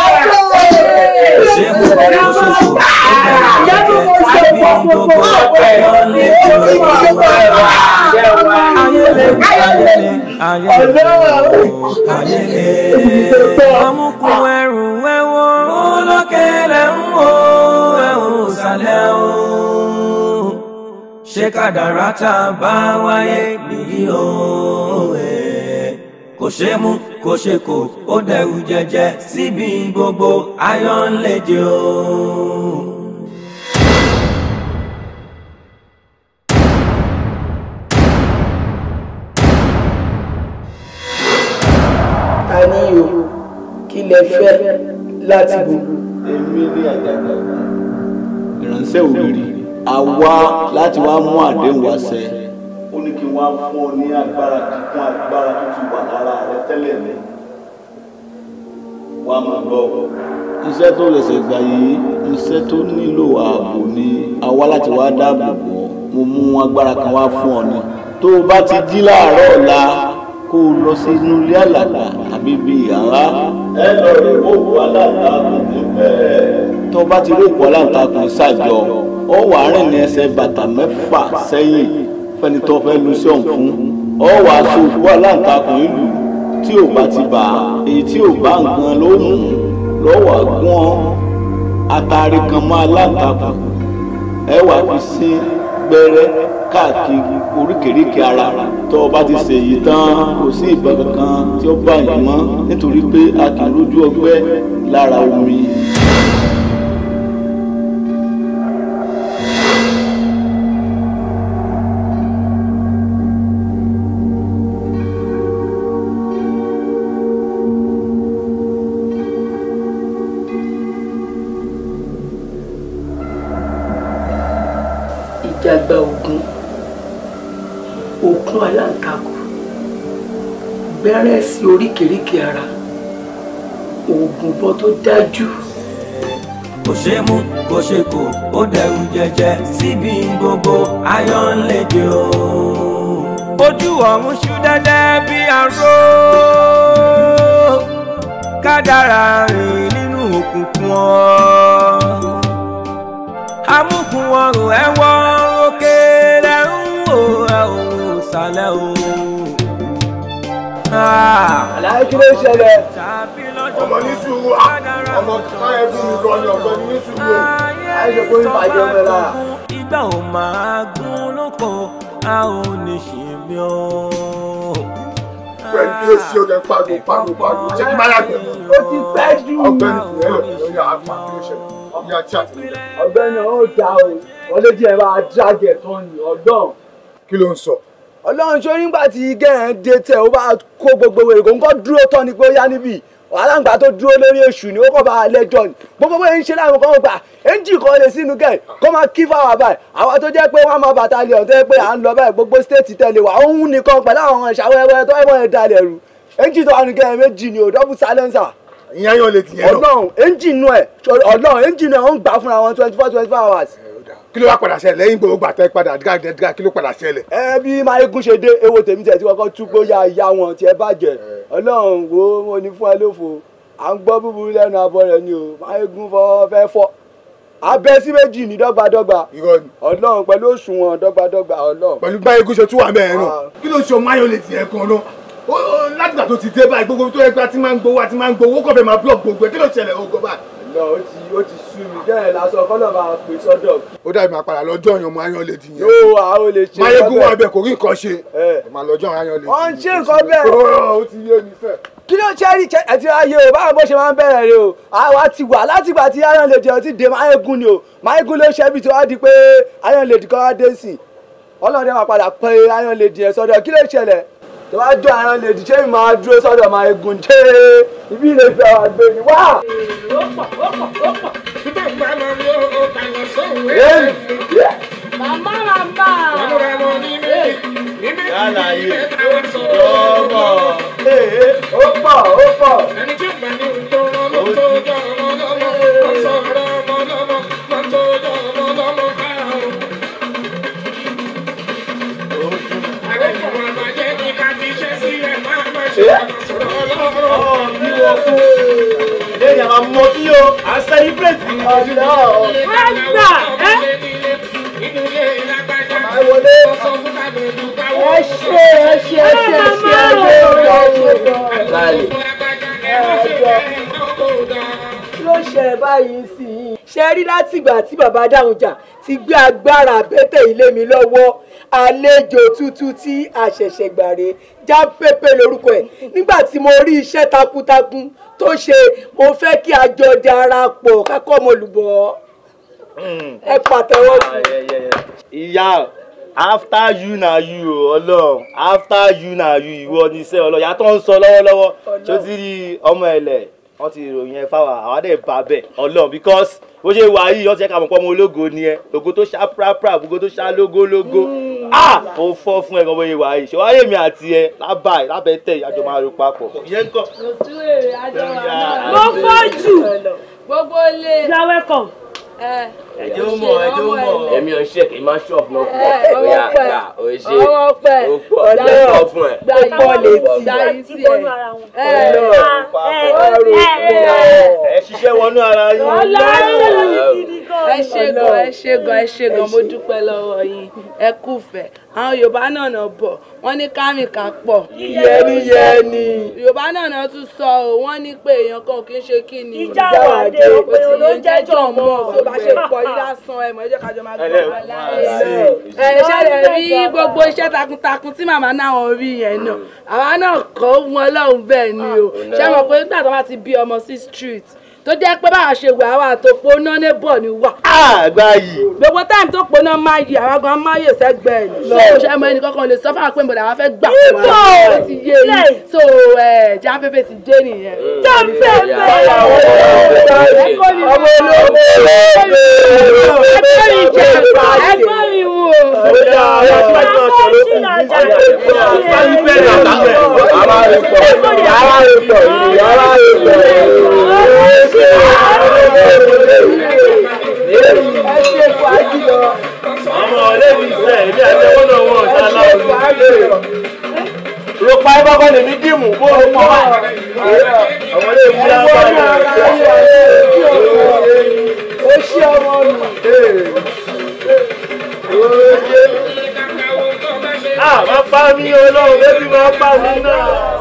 ṣé mo bá yọ sọ fún ẹ. ìyá tó mọ ṣe pọ̀ pọ̀ pọ̀ ọ̀pẹ̀ èyí tí mo ṣe pọ̀ ẹ̀rọ. ayẹlẹ ayẹlẹ ọlọ́wọ́ ayẹlẹ ọmọkùnrin ẹrù ẹwọ́ olókèlè ń wò ẹ̀hún sálẹ̀ ọ̀hún ṣé kádàrá tá a bá wáyé nìyí o kò ṣe mú kò ṣe kò ó dẹrù jẹjẹ síbi gbogbo ayọ̀ ń lédè o. a ní o kí lẹ fẹ́ láti bò. èmi ni àjàgbà ìránṣẹ́ òbí àwa láti wá mú àdéhùn wa ṣẹ. ó ní kí wọ́n á fún ọ ní agbára kíkún agbára tó ti wà lára rẹ tẹ́lẹ̀ ní. wàá máa gbọ́. iṣẹ́ tó lẹ̀sẹ̀ gbà yìí iṣẹ́ tó nílò ààbò ni àwa láti wá dáàbò bò mo mú agbára kan wá fún ọ ni. tó o bá ti jí láàárọ̀ ọ̀la kó o lọ sí inú ilé àlàgbà àbí ibi ìyàrá. ẹ lọ rè owó aláǹtakùn níbẹ̀. tó o bá ti rí òkú aláǹtakùn ṣàjọ ọ wà á rìn ní ẹsẹ̀ bàtà mẹ́fà sẹ́yìn fẹ́ni tó fẹ́ lu sí ọ̀hún fún ọ wà á so òkú aláǹtakùn ìlú tí ò bá ti bà á èyí tí ò bá nǹkan ló mú lọ́wọ́ àgbọ̀n atari kan mọ́ aláǹtakùn ẹ wà fi sí gbẹ́rẹ́ káàkiri oríkèéríkèé ara tó o bá ti ṣèyí tán kò sí ìbọn kankan tí ó bá yín mọ́ nítorí pé a kì í rójú ọgbẹ́ lára omi. sí oríkèéríkèé ara oògùn bọ́ tó dájú. kò ṣe mú kò ṣe kò ó dẹrù jẹjẹ síbi gbogbo ayọ̀ ń lédè o. ojú ọ̀run ṣú dẹ́dẹ́ bí aró kádàrá rìn nínú òkùnkùn ọ amúkun ọrùn ẹ̀wọ̀n òkè lẹ́rú òòrùn ìsàlẹ̀ òun. Àlàyé ah, kí ló ń ṣẹlẹ̀? Ọmọ ní sùúrù, ah, ọmọ máa bí mi lọ ni ọ̀gbọ́n ní sùúrù. Àìṣe kó ń bàjẹ́ ọmọ ẹ̀la. Ìgbà ò máa gún lóko, a ò ní ṣe mí o. Pẹ̀lú kí ló ṣe ọ̀dẹ pàgò pàgò pàgò, ṣé kí máa yàgbẹ́? Ó ti pẹ́ jù. Ọ̀gbẹ́ni Fúrẹ́lò lórí àpá kí ló ṣẹlẹ̀? Ọ̀gbẹ́ni àti àtìlẹ́yìn. Ọ̀gbẹ́ni ọ̀hún ta o, wọ́n lé díẹ̀ bá a drágẹ̀ tán ni ọ̀gbọ́n. Kí ló ń sọ? ọlọ́run ṣe nígbà tí gẹ̀ẹ́n dé tẹ̀ ó bá kó gbogbo èrè kò ń kọ́ dúró tán ni pé ó yá níbí aláǹgbá tó dúró lórí èṣù ni ó kọ́ bá a lẹ́jọ́ ni gbogbo bóyá ń ṣe láwọn kan gbà ẹ́ńjì kan lè sínú gẹ̀ẹ́ kó máa kí fáwọn báyìí àwọn tó jẹ́ pé wọ́n máa bàtà lè ọ̀tọ́ pé à ń lọ báyìí gbogbo stéètì tẹ̀lé wa òun nìkan pẹ̀lú àwọn ìṣàwẹ́wẹ́ tó ẹ̀mọ́ ẹ̀ dalẹ̀ rú ẹ́ńjì tó wà ní gẹ̀ẹ́ méjì ni ò dọ́bù sálẹ́nsà ìyẹn yóò lè tìyẹn lọ ọlọ́run ẹ́ńjì nù ẹ̀ ọlọ́run twenty four twenty four hours kí ló wá padà ṣẹlẹ̀ lẹ́yìn gbogbo gbà tẹ́ padà dìgà dìgà kí ló padà ṣẹlẹ̀. ẹ bí mayegun ṣe dé ewo tèmi tẹ̀ tí kọ́kọ́ tú gbóyà ya wọn tí ẹ bàjẹ́ ọlọ́run wo mo ní fún ẹ lófo à ń gbọ́ búburú lẹ́nu abọ́ rẹ ni o mayegun fọwọ́ fẹ́ fọ́ abẹ́ sí méjì ní dọ́gbadọ́gba ọlọ́run pẹ̀lú òṣùwọ̀n dọ́gbadọ́gba ọlọ́run. pẹ̀lú mayegun ṣe tún wà mẹ́rin náà ah. kí ló ṣe ọmọ ayọ̀lẹ̀ tiẹ̀ kan náà látìgbà tó ti dé báyìí gbogbo tó yẹ a ti a ti máa ń gbowó kọ̀ọ̀bẹ̀ máa blọ̀k gbogbo kí sùn mí dẹ́rẹ̀ lásán ó dàbí máa padà lọ́jọ́ yẹn ọmọ ayán lè dìyẹn. yóò wá ó lè ṣe é. mayegun wà bẹ́ẹ̀ kò rí nǹkan ṣe. màá lọ́jọ́ ayán lè dìyẹn. ọ̀n ṣe nǹkan bẹ́ẹ̀. ó ti yé mi fẹ́. kí ló ṣe rí ẹtì ayé o báwo bó ṣe máa ń bẹ̀rẹ̀ rẹ o àwa ti wà látìgbà tí ayán lè dìyẹn ti dé mayegun ni o mayegun ló ṣe bí tí wọ́n di pé ayán lè dìkan wá dé sí ọlọ́run máa padà pé ayán lè dìyẹn sọ́dọ̀ kí ló ṣẹlẹ̀ Bàbá máa mú owó kalọ̀ sóhùn ẹ̀. Bàbá rà bá. Bàbá rà bọ̀ ní méjì. Ní méjì ní ẹ̀ka wá sọ̀rọ̀. Lọ́bọ̀. Ó pọ̀ ó pọ̀. Ẹni tí ó gbà ní òótọ́ ọmọ tó jọ ọmọ lọ́mọ. Wọ́n sọ̀rọ̀ ọmọ lọ́mọ. Wọ́n tó jọ ọmọ lọ́mọ ká o. Àrẹ́kọ̀ọ́ àbájẹ́ ni ká ti ṣẹ́ sílẹ̀ máa máa ṣe àkàsọ̀rọ̀ ọlọ́rọ̀. Ọ̀ lẹ́yìn àwọn ọmọ tí yóò à ń sẹ́líbrèdì ní ọdún náà. wọ́n gbà ẹ́. àìwọlé ẹ ṣe ẹ ṣe ẹ ṣe ẹ ṣe ẹ ṣe ọgbà ọgbà ọgbà. kí ló ṣe báyìí sí i ṣe rí látìgbà tí bàbá Dáhùnjà ti gbé agbára àbẹ́tẹ̀ ilé mi lọ́wọ́ àlejò tuntun tí àṣẹ̀ṣẹ̀ gbàre já pépé lórúkọ ẹ̀ nígbà tí mo rí iṣẹ́ takuntakun tó ṣe mo fẹ́ kí a jọ darapọ̀ kákọ́ mo lùbọ̀ ẹ pàtẹ́wọ́ fún un. ìyá after you na you o Ọlọ́run after you na you ìwọ ni iṣẹ́ Ọlọ́run yàtọ̀ ń sọ lọ́wọ́lọ́wọ́ tó ti rí ọmọ ẹlẹ wọ́n ti ròyìn ẹ fáwọn àwọn dẹ̀ bá bẹ̀ ọlọ́run because bó ṣe wà yìí wọ́n ti ẹ̀ka àmọ̀pọ̀ ọmọ ológo ni ẹ ògo tó ṣá prapra ògo tó ṣá lógólógó hmm. ah mo fọ́ fún ẹ̀ gan bó wà yìí ṣe wáyé mi àti ẹ lábà ẹ lábẹ́ tẹ̀ ìyájọ́ máa ro papọ̀. mo fọ́ jù gbogbo ilé. you are welcome. Eh ẹjẹ ó mọ ẹjẹ ó mọ èmi ò ṣe kì í máa ṣọ́ọ̀f náà fún ọ ọyà gbà ó ṣe ó pọ̀ ọjọ́ fún ẹ ó pọ̀ létí ẹ ṣiṣẹ́ wọnú ara yín ẹ ṣe gan ẹ ṣe gan ẹ ṣe gan mo dúpẹ́ lọ́wọ́ yín ẹ kúfẹ̀ẹ́ àwọn yorùbá náà náà bọ̀ wọ́n ní kámìkà pọ̀. yẹni yẹni. yorùbá náà náà tún sọ ọ wọ́n ní pé èèyàn kan kì í ṣe kí ni. ìjà wà dé o pé olóńjẹjọ mọ ọ bá ṣe pọ̀ gbogbo iṣẹ́ takuntakun tí màmá náà wọn rí yẹn náà àwa náà kọ́ wọn lọ́hùn bẹ́ẹ̀ ni o ah, ṣé mo pé nígbà tó bá ti bí ọmọ sí street tó jẹ́ pé báwa ṣe wà wà tó poná ní bọ̀ ni wà. àgbà ah, yìí. gbogbo táìmù tó poná máa yí àwa gan máa yè sẹ́gbẹ́ ẹ̀ ní. so ṣe mọ ẹnì kankan lè sọ fún àwọn pé bọ̀dà fẹ́ gbà fún ti yé mi so ẹ̀ jáfẹ́fẹ́ ti dé nìyẹn. Mm. jáfẹ́fẹ́ ọmọ olóògbé olóògbé ẹgbẹ́ ìjà ẹgbẹ́ ìwò ọjà ọjà ọmọ ọlẹ́bí sẹ́ẹ̀ ní àtẹwọ́nà wọn ọ̀sán aláwọ̀ ló pa ẹ bọ́kọ́ lèmi dìmú bó o mọ̀ wá. ọmọ ilé ìwé yà ń bá yà ó ṣí ọmọ nù. àmọ́ ah, pa mí olóhùn bébí máa pa mí náà.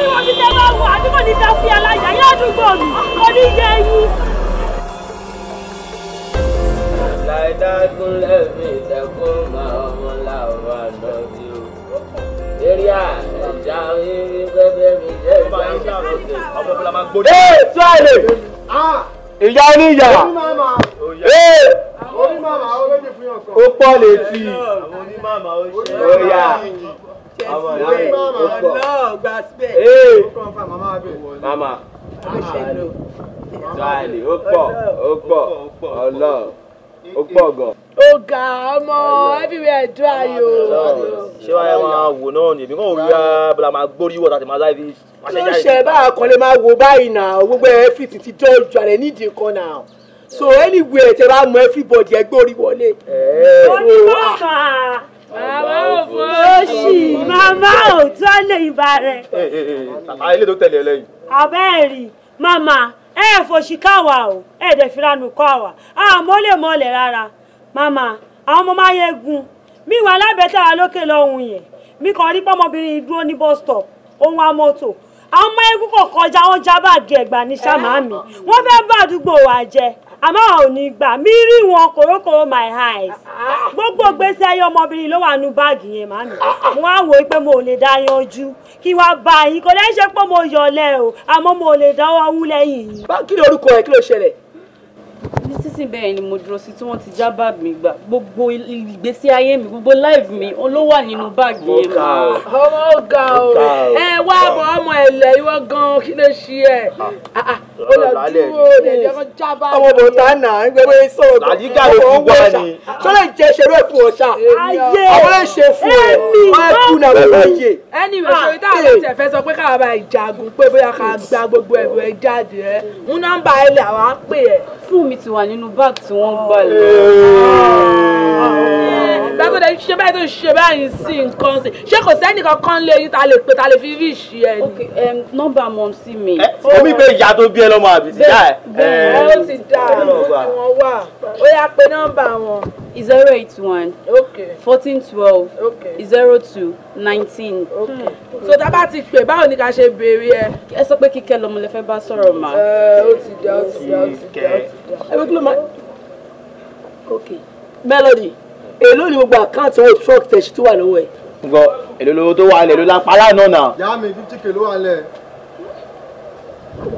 ní wọn ti tẹ́ bá wọ àdúgbò ní dáfí alájà yá àdúgbò mi oníyẹ yín. láìdágún lẹ́mí ìyá ó pọ̀ létí ó yà. Mama, ọ̀nà gba bẹ́ẹ̀. mama jaale ó pọ̀ ó pọ̀ ọlọ ó pọ̀ gan. ó ga ọmọ everywhere do ayo. ṣé wàá máa wò náà ni èmi kò rí abúlé máa gbórí wọ̀ láti máa láìpẹ́. ló ṣe bá a kan lè máa wo báyìí náà gbogbo ẹ̀ fìtì ti dọ́jú alẹ́ nídìí kan náà so anywhere tẹ bá mọ everybody ẹ gbórí wọlé. Eh. onímọ̀ kan. Ah bàbá mama, òṣì màmá òótọ́ lè ibà rẹ̀. bàbá eh, eh, eh, ilé tó tẹ̀lé lẹ́yìn. àbẹ́ẹ̀rì màmá ẹ ẹ̀ fòṣì káwa o ẹ ẹ̀ dẹ̀ firanu kọ́ àwà àmọ́ lè mọlẹ̀ rárá màmá àwọn ọmọ máa yẹ gun mi wà lábẹ́tẹ̀ wa lókè lọ́hùn yẹn mi kàn rí pọ́mọbìnrin dúró ní bus stop òun á mọ́tò àwọn ọmọ eégún kò kọjá wọn já báàgì ẹ̀gbà ní sàmáàmì wọ́n fẹ́ bá àdúgbò wa jẹ́ àmọ́ ò ní gbà mí rí wọn kòrókòró my eyes gbogbo gbèsè ẹyọ ọmọbìnrin ló wà nù báàgì yẹn màmí mo wá wò ó pé mo ò lè dá yanjú kí wàá bá yín kò lẹ́sẹ̀ pé mo yọ̀lẹ̀ o àmọ́ mo ò lè dáwọ́ wú lẹ́yìn yìí. bá kí lorúkọ ẹ kí ló ṣẹlẹ̀ ní sísìn bẹ́ẹ̀ ni mo dúró sí tí wọ́n ti já báàgì mi gbà gbogbo ìgbésí ayé mi gbogbo láìfù mi ló wà nínú báàgì yẹn ọmọ ọgá o ẹ wá bọ ọmọ ẹlẹ ìwọ gan kí ló ṣe ẹ ah, ah, ah, ó lọ dúró lè jẹ já báàgì. ọmọ bò tá ń gbé sọ ọgbọ ọmọ ọgbọ ọṣà tó lè jẹ ṣerú ẹkùn ọṣà ọmọ lè fún ẹ ọmọ ẹkùn náà ló bá ẹni ìwé sọ pé mi ti wà nínú báàgì tí wọ́n gbà lọ ìgbà tó dẹ̀ ṣe báyìí tó ṣe báyìí sí nǹkan sí ṣé kò sẹ́ni kankan lé yín ta lè pè ta lè fi rí ìṣí ẹ ni. Um, nọ́mbà mọ sí mi. omi pé ìyá tó bí ẹ lọ́mọ àbí ti dá ẹ. bẹ́ẹ̀ ó ti dá ó ti wọ́n wà ó yá pé nọ́mbà wọn. zero eight one. okay. fourteen twelve. okay. zero two nineteen. okay. Hmm. so tá a bá ti pè báwo ni ká ṣe béèrè ẹ. ẹ sọ pé kíkẹ́ lọmọ lè fẹ́ bá sọ̀rọ̀ mà. ẹ ó ti dá ó ti dá ó ti dá ó ti dá. ẹ bí kí ló máa. okay. melody èló ni gbogbo àkáǹtì owó truck tẹ̀sí tó wà lọ́wọ́ ẹ̀. gbọ́ èló lówó tó wà lẹ̀ ló lápárá náà nà. yá mi fifty k ló wà lẹ̀.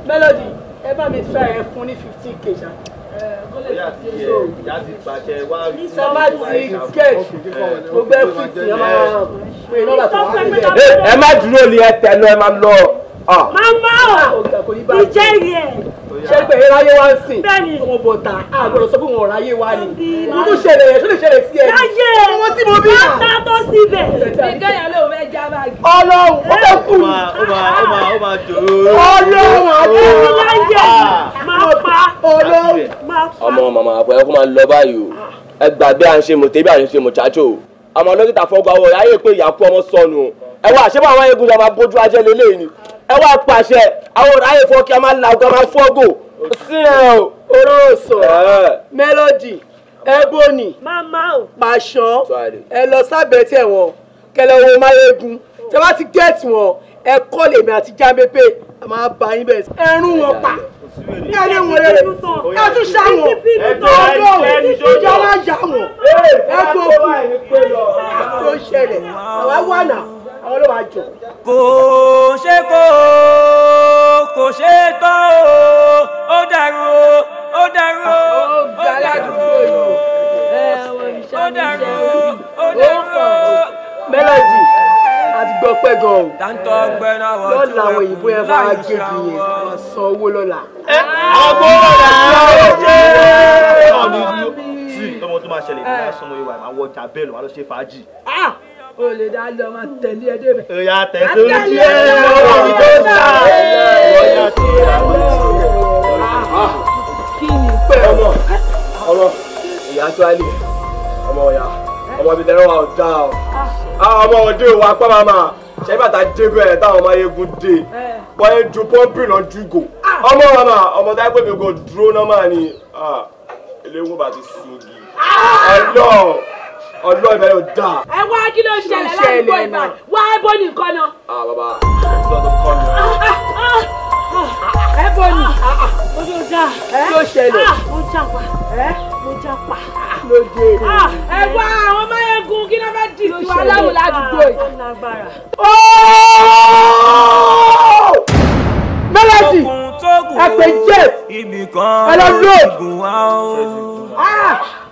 melody ẹ bá mi try ẹ fún ní fifty k ṣá ẹ má dúró ni ẹ tẹ lọ ẹ má lọ. Ah. Mama, ò ìjẹ́rìí ẹ̀. ṣé pé ẹ ráyé wá ń sìn ọmọ bọ̀tà àgbọ̀dọ̀ sọ pé wọn ò ráyé wá ni mo tún ṣẹlẹ̀ ẹ̀ tó lè ṣẹlẹ̀ sí ẹ. láyé ọmọ tí mo bí wà. bàtà tó síbẹ̀. ìgbéyàwó ló fẹ́ já báàgì. ọlọ́run ó fẹ́ kú. ó máa ó máa ó máa jòrò. ọlọ́run àti láyé ah. máa pa. ọlọ́run máa pa. ọmọ Mama. àpò ẹ̀kọ́ máa lọ báyìí o ah. ẹ gbàgbé à ń ṣe mọ̀tẹ́bí à ń ṣe mọ̀cháchò ọmọ lọ́kítà fọ́gbà wọ̀ ẹ̀ ayé pé ìyá kú ọmọ sọnù ẹ wá àṣẹ́bọ̀ àwọn eegun lọ́ọ́ máa bójú ajẹ́ lélẹ́yìn ni ẹ wá pàṣẹ àwọn ọ̀ráyè fọ́ kí a máa làgọ́ máa fọ́gò sí ẹ o oróòsàn mélòdì ẹbọnì pàṣán ẹ lọ sábẹ́ tẹ̀ wọ́n kẹlẹ́ owó máyégun tẹ bá ti gẹ́ẹ̀tì wọn ẹ kọ́ lèmi àti jámẹ́pẹ́ a máa bá yín bẹ̀rẹ̀ sí. ẹrún wọn pa ní ẹni wọlé ẹ tún ṣá wọn lọ́dọ̀ ìjọba yà wọn ẹ tó kù tó ṣẹlẹ̀ àwa wà náà àwọn ló máa jọ. kò ṣe kó kò ṣe gbọ́ o ó dàrú o ó dàrú o ó dàrú o ó dàrú o ó dàrú o. mélòdì àti gbọpẹ́ gan o. dáńtọ́ ọgbẹ́ náà wọ́n tún wẹ̀ kú láì sàn wọ́n. lọ́la àwọn òyìnbó yẹn bá wá gé bi yẹn wọ́n san owó lọ́la. àgbo rẹ̀ ṣe é. ọ̀nà ìlú tí ọmọ tó máa ṣẹlẹ̀ ní asọ́mọ ìwà ìmáwọ́ ọjà bẹ́ẹ̀ lọ́wọ́ ló ṣe fàájì. Ah! o lè dá lọ máa tẹ̀lé ẹ débẹ̀. ìyá tẹ̀sán ojú ẹ ọ̀rọ̀ tó sá ọ̀yà tó yà wọ́n. kí ni pẹ́ ọmọ ọmọ ìyá tó àlè ọmọ ọ̀yà ọmọ ibi tẹ́lẹ̀ wà ó dá ọ. ọmọ òde wa pẹ́ màmá ṣé bàtà débú ẹ̀ táwọn ọmọ eegun dé wọ́n ń ju pọ́ńpì náà dúgò ọmọ màmá ọmọ táyé pé mi kò dúró náà mà ní eléwọ́n bá ti sùn gì. ẹ lọ́ọ̀ ọlọ́ ìbẹ̀rẹ̀ ò dáa. ẹ wá kí ló ṣẹlẹ̀ ládùúgbò ìbàdàn wá ẹbọnì nǹkan náà. a ah, bàbá ọjọ́ tó kọ́ ni. ẹbọnì ojú ọjà ló eh? ṣẹlẹ̀. Ah, mo jàpá eh? mo jàpá. Ah, lóde. ẹ wá àwọn mayegun kí ló fẹ́ dì sí wa láwù ládùúgbò yìí. ó lágbára. mẹ́lẹ́dì ẹ̀pẹ̀ jẹ́ ẹ̀ lọ lò.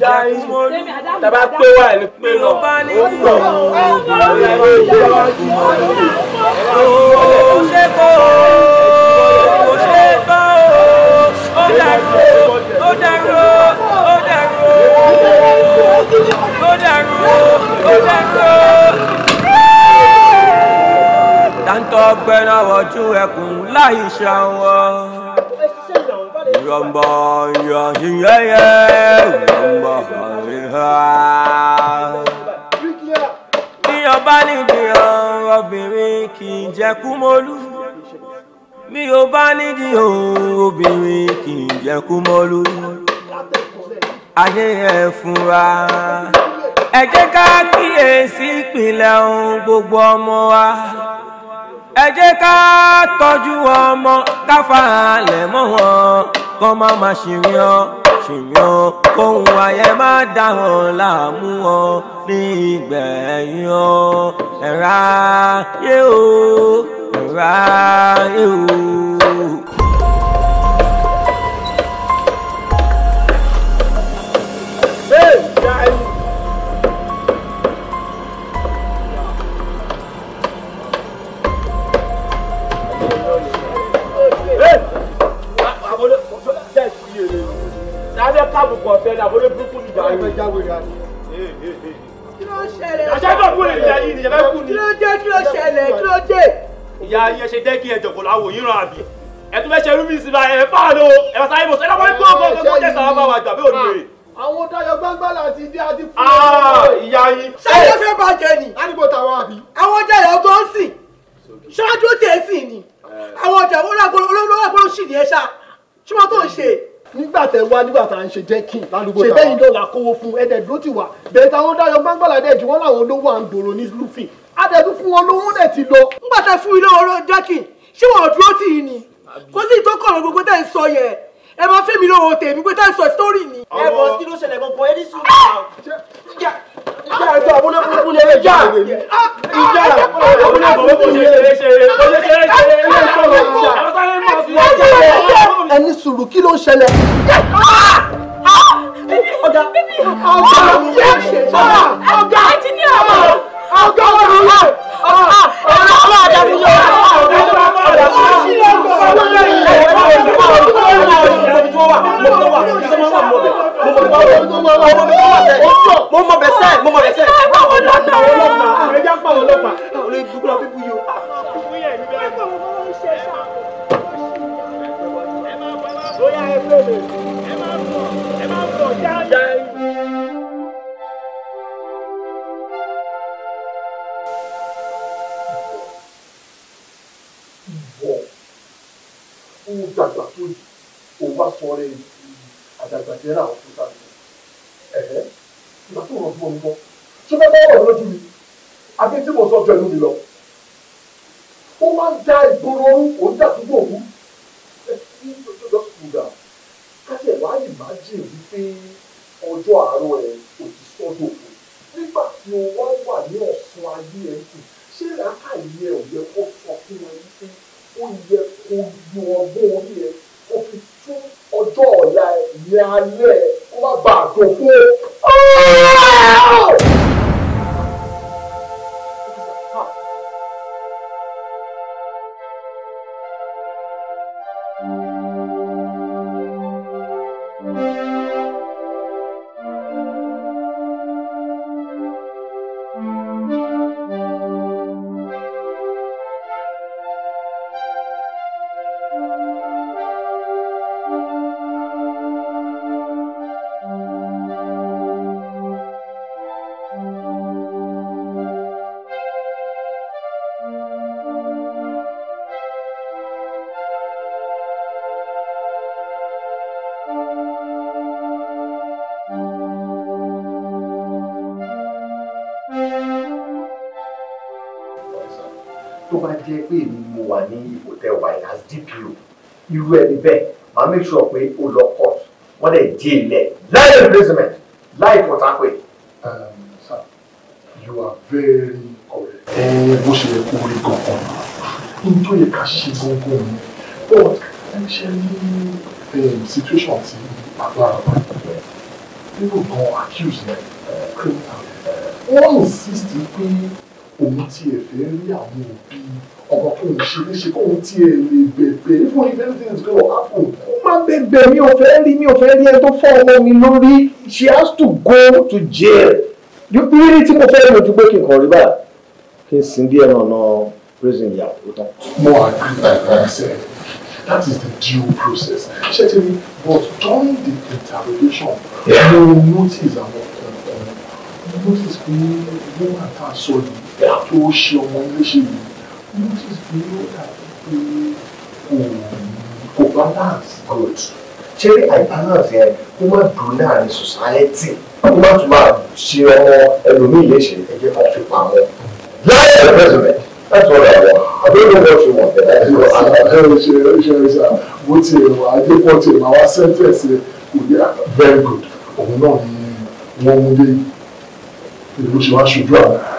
ìjà yín tàbá pé wà ní pé lọ ó lọ ó yẹ ó ṣe kó ó ṣe kó ó dàrú ó dàrú ó dàrú ó dàrú ó dàrú táǹtọ́ gbẹ́nà wọ́jú ẹkùn láì ṣàwọ́. Ram ba ya hi ya ya Ram ba ha hi ha. Bí ọba nídìí ọ̀rọ̀ obìnrin kì í jẹ́ kúmọ́lú. Bí ọba nídìí ọ̀rọ̀ obìnrin kì í jẹ́ kúmọ́lú. Ayé ẹ̀ fúnra. Ẹ jẹ́ ká kíyèsí ìpìlẹ̀ ohun gbogbo ọmọ wa ẹ jẹ́ ká tọ́jú ọmọ kọ́ má má ṣìrìn ọ ṣìrìn ọ kóhun ayé má dáhùn láàmú ọ ní ìgbẹ̀yìn ọ ẹ̀rá yé o ẹ̀rá yé o. káàbù kan fẹ́ ní àbólé burúkú ní ìjà yìí. kí ló ṣẹlẹ̀? àṣẹ́gbọ̀n kú lè ní yìí ní ìjà kú ni. kí ló dé kí ló ṣẹlẹ̀ kí ló dé. ìyá yẹn ṣe dẹ́kì ẹ jọ̀kọ̀ láwò yín ràn àbí ẹ tún fẹ́ ṣe rúmi ìsinmi ẹ fáànù ẹ bá sáré bòsó ẹ lọ́wọ́ ikú ọkọ̀ ọkọ̀ jẹ́ àwọn dayo gbangbala àti ìdí àti fún mi. Ah, ìyá yín. ṣáyé fẹ́ ni. ánìbò tàwọn àbí. àwọn dayo tó ń sìn ṣáájú tẹ̀ sí ni eh. àwọn ọjà olóògbé olóògbé olóògbé òṣì ni ẹ ṣá ṣé wọn tó ń ṣe. nígbà tẹ wá nígbà tá à ń ṣe jẹ́kìn ṣe bẹ́yìn lọ́la kówó fún ẹ̀dẹ̀ ti wà bẹ́ẹ̀ táwọn làwọn olówó à ń gbòòrò ní lufin adẹ̀dú fún wọn lówó ti lọ. nígbà fún ilé ọ̀rọ̀ jẹ́kìn ṣé wọn ò dúró tì í ni kó sì tó kọ̀ọ̀rọ̀ gbogbo tẹ̀ ń sọ yẹn ẹ máa fẹ́ mi lówó tèmi pé táyì sítórì ni. ẹ bọ kí ló ṣẹlẹ̀ gbọ̀ngbọ̀n ẹni sùn náà. ìjà àti àbúlẹ̀kùnkùn lè jà ìjà àbúlẹ̀kùnkùn lè jà ẹni sùúrù kí ló ń ṣẹlẹ̀. ọ̀gá ọ̀gá mi ò ṣe ọ̀gá ẹ̀jìníà ọ̀gá mi ò ṣe ọ̀gá mi ò ṣe wà mo tó wà iṣẹ́ máa wà mo bẹ̀ mo mọ̀ bẹ̀ mo mọ̀ bẹ̀ mo mọ̀ bẹ̀ sẹ́ mo mọ̀ bẹ̀ sẹ́. ẹ bá wọn lọ́nà àwọn ọlọ́pàá ẹ já pa àwọn ọlọ́pàá àwọn olè dúkúrò bíbú yìí o. bóyá ẹ fẹ́ lè ẹ máa bọ̀ ẹ máa bọ̀ jáde. ó dàgbà tó òun bá sọ rẹ àdàgbà tí Eh? òkú tàbí ẹ̀hẹ́ ìgbà tó rọ̀ fún omi mọ́ ṣé bá bá wọ̀ lójú mi àbí tí mo sọ jọ inú mi lọ ó máa ń da ìgboro orú òun dàdúgbò òwú ẹtí lọ́jọ́ lọ́sùkúdà káṣẹ̀ wá ìmájìn wípé ọjọ́ àárọ̀ ẹ̀ kò ti sọ́dọ̀ òkú nígbà tí o wá wà ní ọ̀sán ayé ẹ̀ tù ṣé làákàyè ẹ̀ ò yẹ kó sọ fún ẹ wípé ó yẹ kó yọ ọgbọ́n orí ẹ kó fi ọjọ́ ọ̀la ìyẹn alẹ́ kó má bàa dòfó. bá jẹ́ pé èmi mo wà ní ipò tẹ́ wà yìí as DPO irú ẹni bẹ́ẹ̀ máa make sure pé ó lọ court wọ́n dẹ̀ di ilẹ̀ láì imprisonment láì pọ̀tàpé. sir you are very correct. ẹ bó ṣe yẹ kó rí gangan nítorí yẹ ká ṣe gbogbo mi but ẹ ṣe ní um, situation ti bàbá wa nínú gan accuse yẹn criminal wọ́n insist pé òun tiẹ̀ fẹ́ rí àwọn òbí ọmọ kò ń ṣe léṣe kò ń tiẹ̀ lè bẹ̀bẹ̀ fún if anything is gonna happen. ó má bẹ̀bẹ̀ mi ò fẹ́ rí mi ò fẹ́ rí ẹ tó fọ́ ọmọ mi lórí she has to go to jail. rírí tí mo fẹ́ rí ojú pé kí n kàn rí báyà kí n sin díẹ̀ náà náà prison yà ó tán. mo agree with what you said that is the due process ṣé ti ní but during the interrogation mo notice àwọn ọ̀tọ̀ mo notice pé woman ta sọ yìí ìyá tó ṣe ọmọ ilé ṣe yìí mo ti fi ó dàbí pé kò balance good ṣé àìbalance yẹn kó má dùn láàrin society kó má tún máa ṣe ọmọ ẹlòmíì léṣe ẹjẹ́ kan fi pamọ́ láì ẹ̀ That's what I want. I don't know what you want. ọ̀dọ̀ àbẹ̀wò ṣe ṣe ṣe bó ti wà adépọ̀ ti wà wá sẹ́ńtẹ̀sì kò ní very good òun náà ni wọ́n mú dé ìlú ṣe wá ṣojú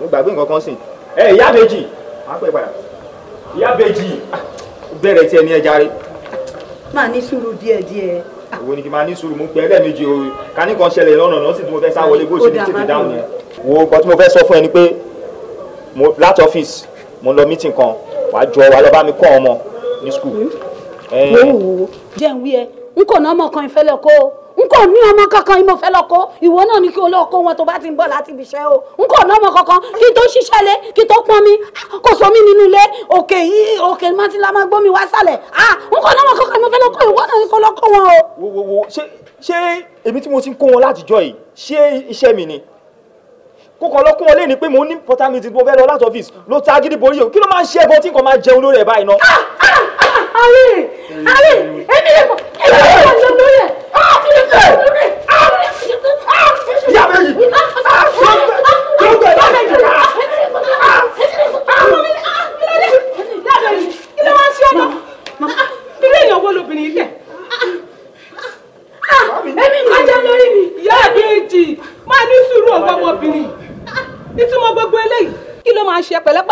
mo gbàgbé nǹkan kan sìn ẹ ìyá bèjì má pẹ́ padà ìyá bèjì ah, bẹ̀rẹ̀ tiẹ̀ ní ẹ jàre. máa ní sùúrù díẹ̀díẹ̀ wo ni kí máa ní sùúrù mú pé ẹlẹ́ẹ̀mejì o kání kan ṣẹlẹ̀ lọ́nà náà sì tí mo fẹ́ sá wọlé bó ṣe ní tètè dáhùn yẹn. wo nǹkan tí mo fẹ́ sọ fún ẹ ni pé láti ọ́fíìsì mo lọ mítìn kan wàá jọ wàá lọ bá mi kọ́ ọmọ ní skul. wo wo jẹ́ ń wí ẹ n kò ná ọmọ kan ìfẹ́lẹ̀ kó n kò ní ọmọ kankan mo fẹ́ lọ kó ìwọ náà ni kí o lọ kó wọn tó bá ti ń bọ̀ láti ibi iṣẹ́ o n kò ní ọmọ kankan kí n tó ṣiṣẹ́ lé kí n tó pọn mi ah, kò sọ mí nínú ilé òkè yìí òkè má ti la máa gbọ́ mi wá sálẹ̀ n kò ní ọmọ kankan mo fẹ́ lọ kó ìwọ náà ni kó lọ wọn o. wo wo wo ṣé ṣé èmi tí mo ti ń kó wọn látijọ́ yìí ṣé iṣẹ́ mi ni kókò lọ kún ọ lẹ́ni pé mo ní important meeting fẹ́ lọ láti ọ́fíìsì ló ta gidi borí o kí ló máa ń ṣe ẹbọ tí nǹkan máa jẹun lórí ẹ̀ báyìí náà. ààrẹ ààrẹ èmi lè mọ èmi lè mọ ìjọba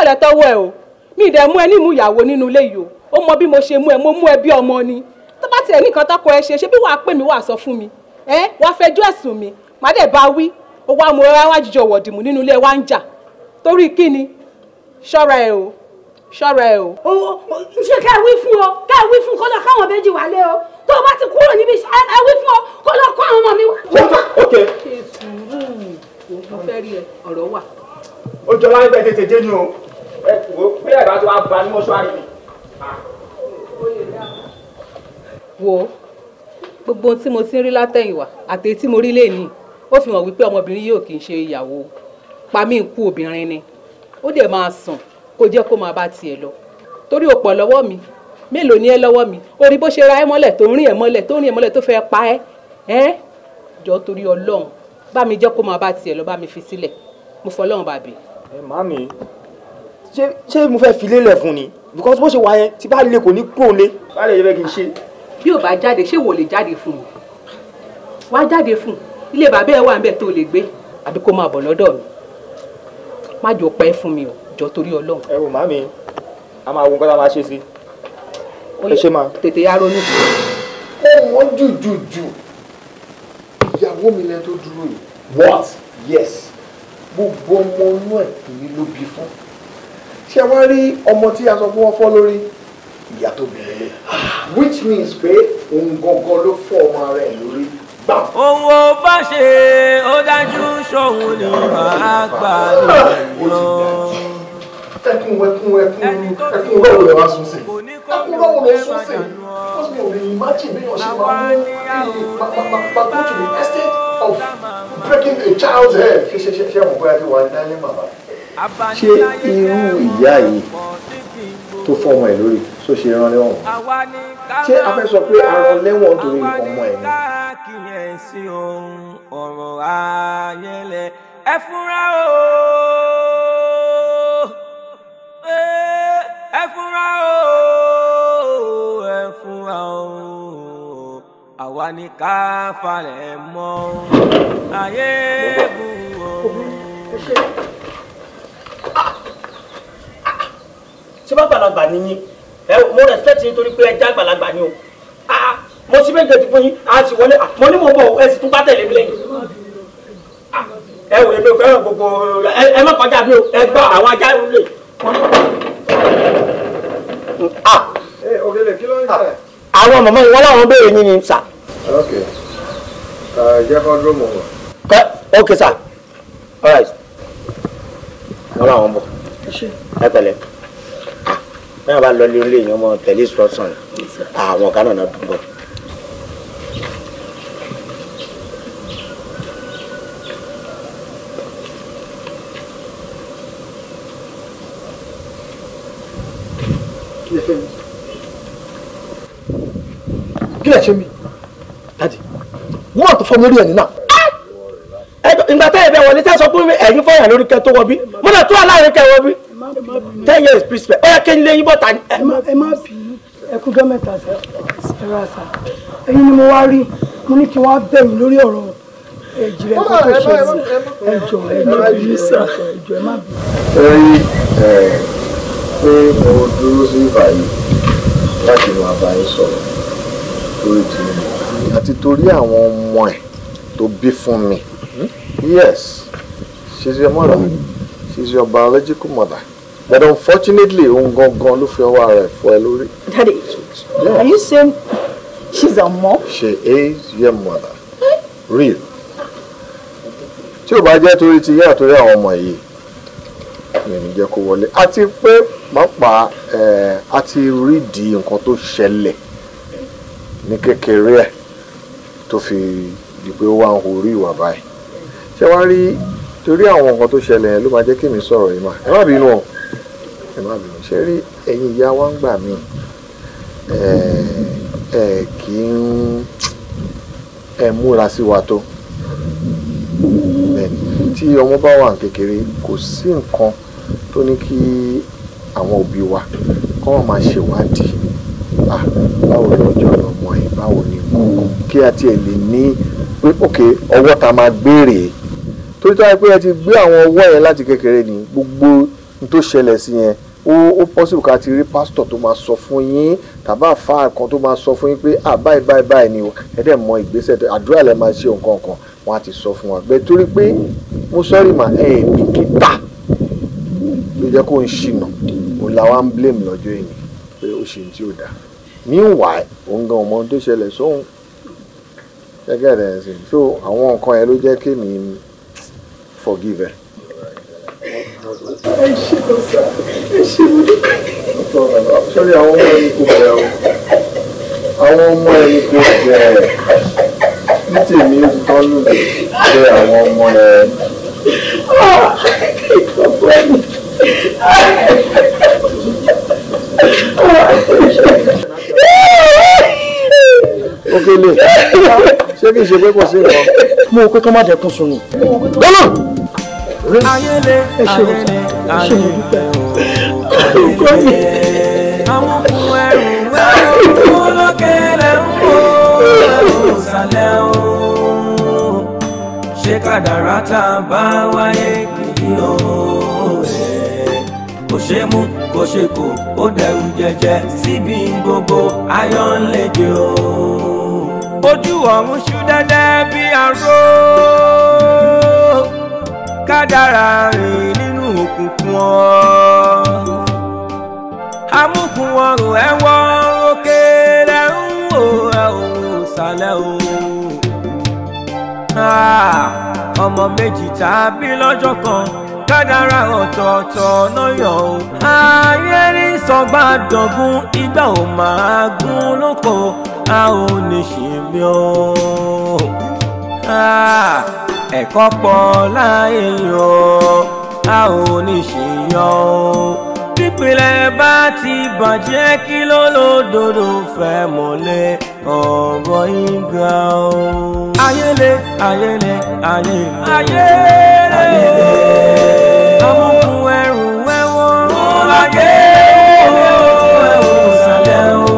bẹ̀rẹ̀ tọwọ́ ẹ o mi ìdẹ̀ mú ẹ nímú ìyàwó nínú ilé yìí o ó mọ bí mo ṣe mú ẹ mo mú ẹ bí ọmọ ni tó bá tiẹ̀ nìkan tọkọ ẹ ṣe ṣé bí wàá pè mí wàá sọ fún mi ẹ wàá fẹjọ́ ẹ̀sùn mi má dẹ̀ bá wí ó wá mo rárá wá jíjọ wọ̀dìmù nínú ilé wa ń jà torí kí ni ṣọ́ra ẹ o ṣọ́ra ẹ o. ṣé ká wí fún ọ ká wí fún kọ́lọ́ káwọn méjì wà lé ọ tó o bá ti kúrò níbi ẹ wí fún ọ kọ́lọ́ kọ́ àwọn ọmọ mi wá. ok. ṣé sùúrù òun fẹ́ rí ẹ ọ̀rọ̀ wà. ó jọ láyé bẹ́ẹ̀ tètè dé ni o ẹ wò ó bí ẹ̀rọ àti wàá gba ní mọ́ṣúárì mi. wo gbogbo ohun tí mo ti ń rí látẹ̀yìnwá àti tí mo rí lẹ́ẹ̀ni ó fi hàn wípé ọmọbìnrin yóò kì í ṣe ìyàwó pamí ikú obìnrin ni ó dẹ̀ máa sàn kó jẹ́ kó máa bá tiẹ̀ lọ torí òpọ̀ lọ́wọ́ mi mélòó ni ẹ lọ́wọ́ mi orí bó ṣe ra ẹ mọ́lẹ̀ tó rìn ẹ mọ́lẹ̀ tó rìn ẹ mọ́lẹ̀ tó fẹ́ pa ẹ ẹ jọ torí ọlọ́run bá mi jẹ́ kó máa bá tiẹ̀ lọ bá mi fi sílẹ̀ mo fọlọ́run bàbí. ẹ màmí ṣé mo fẹ́ fi lélẹ̀ fún ni because bó ṣe wà yẹn tí bá lè kò ní kúrò lé bá lè yẹ kí n ṣe. bí ò bá jáde ṣé wò lè jáde fún un wá jáde fún ilé bàbá ẹ wà ń bẹ tó lè gbé àbí kó máa bọ̀ lọ́dọ̀ mi má jọ pẹ́ fún mi o jọ torí Ọlọ́run. ẹ wò màmí a máa wo nǹkan tá a máa ṣe sí i ẹ ṣe máa. tètè ya ronú. ó wọ́n jùjùjù ìyàwó mi lẹ́ni tó dúró yìí. what yes gbogbo ọmọ inú ẹ̀ èmi ló bí fún ṣe wá rí ọmọ tí a sọ fún wọn fọ́ lórí ìyá tó bí which means pé òun gangan ló fọ́ ọmọ rẹ̀ lórí òun ò bá ṣe ó dájú sóhun ni màá gbà lọ ẹkún ẹkún ẹkún ẹkún rọwọ lè wá sùn sí ẹkún rọwọ lè sùn sí because mi ò lè imagine bí wọn ṣe máa mú ilé pàpàpàpà ṣé irú ìyá yìí tó fọmọ ẹ̀ lórí tó ṣe rán lẹ́wọ̀n ṣé a fẹ́ sọ pé arọ lẹ́wọ̀n nítorí ọmọ ẹ̀ ni. ẹ fúnra o ẹ fúnra o ẹ fúnra o àwa ni ká falẹ̀ mọ́ ayé bù ọ́. ṣé bá gbàlagbà ni yín ẹ mo respect yín torí pé ẹ já gbàlagbà ni o ah mo sì méje ti fún yín a sì wọlé mo ní mo bọ̀ ẹ sì tún bá tẹ̀lé mi lẹ́yìn ẹ wò èmi ò fẹ́ràn gbogbo ẹ má kọjá mi o ẹ gbọ́ àwọn ajá ń lè. ògèlè kí ló ń ṣe. àwọn màmá wọn làwọn béèrè yín ni sà. ok jẹ́ kó dúró mọ̀ wọ́n. ok sà all right wọn làwọn bọ̀ ẹ pẹ̀lẹ́ náà bá lọ lé olè yẹn mọ tẹ̀lé instruction àwọn kan náà dùn bọ̀. kí lè ṣe mí dadi wọ́n àti fọ́ mi lórí ẹ̀yìn náà. ìgbà táyà bẹ wọlé tá a sọ pé ẹ̀yin fọyà lórí kẹ tó wọ bí mo náà tó aláàrin kẹ wọ bí ten years principal ó yẹ kí n lé yín bọ́ta. ẹ má bínú ẹkú jọ mẹ́ta ẹrọ àṣà ẹ̀yin ni mo wá rí mo ní kí n wá bẹ̀yìn lórí ọ̀rọ̀ ẹ̀jìrẹ́ kó tó ṣe é ẹjọ ẹ má bínú ẹjọ ẹ má bínú. ẹ̀yin ẹ pé mo dúró sí ìbàyí láti máa bá yín sọ̀rọ̀ lórí tìǹbù àti torí àwọn ọmọ ẹ̀ tó bí fún mi yes she's your mother she's your biological mother but unfortunately òun gangan ló fi ọwọ́ ara ẹ̀ ẹ lórí. daddy yeah. are you saying she's a mom. she is your mother real tí ò bá jẹ́ torí ti yá àtòrí àwọn ọmọ yìí mi ò ní jẹ́ kó wọlé àti pé pàápàá a ti rídìí nǹkan tó ṣẹlẹ̀ ní kékeré ẹ̀ tó fi di pé ó wá ń horí ìwà báyìí ṣé wàá rí torí àwọn nǹkan tó ṣẹlẹ̀ ló máa jẹ́ kí mi sọ̀rọ̀ yìí mà ẹ má bínú o ẹ má bínú ṣe rí ẹ̀yin ìyá wa ń gbà mí ẹ kì í ẹ múra sí wa tó tí ọmọ bá wà kékeré kò sí nǹkan tó ní kí àwọn òbí wa kọ́ wọn máa ṣèwádìí à báwo ni ọjọ́ ọmọ ẹ̀ báwo ni kí a tiẹ̀ lè ní pé òkè ọwọ́ ta máa gbére torí tó wáyé pé ẹ ti gbé àwọn ọwọ́ yẹn láti kékeré ni gbogbo n tó ṣẹlẹ̀ sí yẹn ó ó possible ká ti rí pásítọ̀ tó máa sọ fún yín tàbá àfáà kan tó máa sọ fún yín pé à báyìí báyìí báyìí ni o ẹ dẹ̀ mọ ìgbésẹ̀ tó àdúrà lẹ máa ṣe nǹkan kan wọn á ti sọ fún wa gbẹ torí pé mo sọ́rí mà ẹ̀ bìkítà ló jẹ́ kó ń ṣìnà òun làwa ń blame lọ́jọ́ yìí pé ó ṣe tí ò dáa meanwhile òun gan ọmọ tó ṣẹlẹ̀ sóhun gẹ́gẹ́ rẹ̀ ṣe so àwọn nǹkan yẹn ló jẹ́ kémi forgive ẹ̀ ẹ àwọn ọmọ ẹni kò bẹ̀ ní tèmi tọ́lù pé àwọn ọmọ ẹ. ìgbàgbọ́ ẹni. ṣé kí n ṣe pé kò sí nǹkan? Mo pé kí má dẹkùn sùn ni. Gbọ́dọ̀ ayẹlẹ ayẹlẹ ayẹlẹ ayẹlẹ àwọn kun ẹrù ẹrù kún lókèlè ń wò ẹrù o ṣé kàdàrá tá a bá wáyé kìí o kò ṣe mú kò ṣe kò ó dẹrù jẹjẹ síbi gbogbo ayọ̀ ń lè jẹ o. ojú ọ̀run ṣú dẹ́dẹ́ bí aró kádàrá rìn nínú òkùnkùn ọ. amúkùn ọrùn ẹ̀wọ́ òkè lẹ́rú wò ẹ̀hún ìsàlẹ̀ o. Ah, ọmọ méjì tàbí lọ́jọ́ kan kádàrá ọ̀tọ̀ọ̀tọ̀ lọ́yọ̀ o. ayé ní sọgbà dọ̀gún ìgbà ò máa gún lóko a ò ní ṣe mí o. Ah, ẹ̀kọ́ pọ̀ láàyè o a ò ní ṣèyàn o pípìlẹ̀ bá ti bàjẹ́ kí ló lódodo fẹ́ mọ̀lẹ́ ọ̀bọ̀ ìgbà o. ayẹlẹ ayẹlẹ ayẹ ayẹlẹ ọmọkùnrin ẹrù ẹwọ ọlágẹ ẹwọ sàlẹ o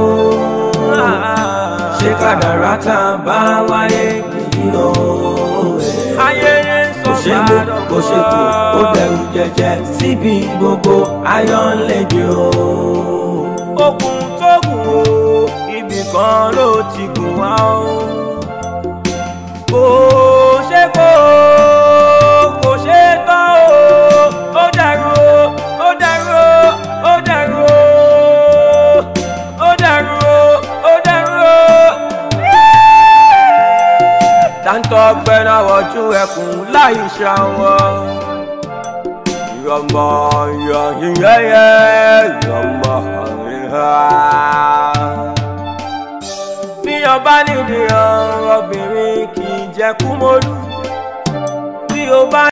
ṣé kádàrá tá a bá wáyé ṣe mú kò ṣe kù ó bẹ̀rù jẹjẹ síbi gbogbo ayọ̀ ń lèdè o. okùn tó gùn o ibì kan ló ti gùn wá o. kò ṣe kó ọpẹ́ náà wọ́jú ẹkùn láì ṣàwọ́. Yọmọ yọ̀hìn yẹ́yẹ́ yọmọ àmì ha. Bí ọba nídìí ọ̀rọ̀ obìnrin kì í jẹ́ kú mọ́lú. Bí o bá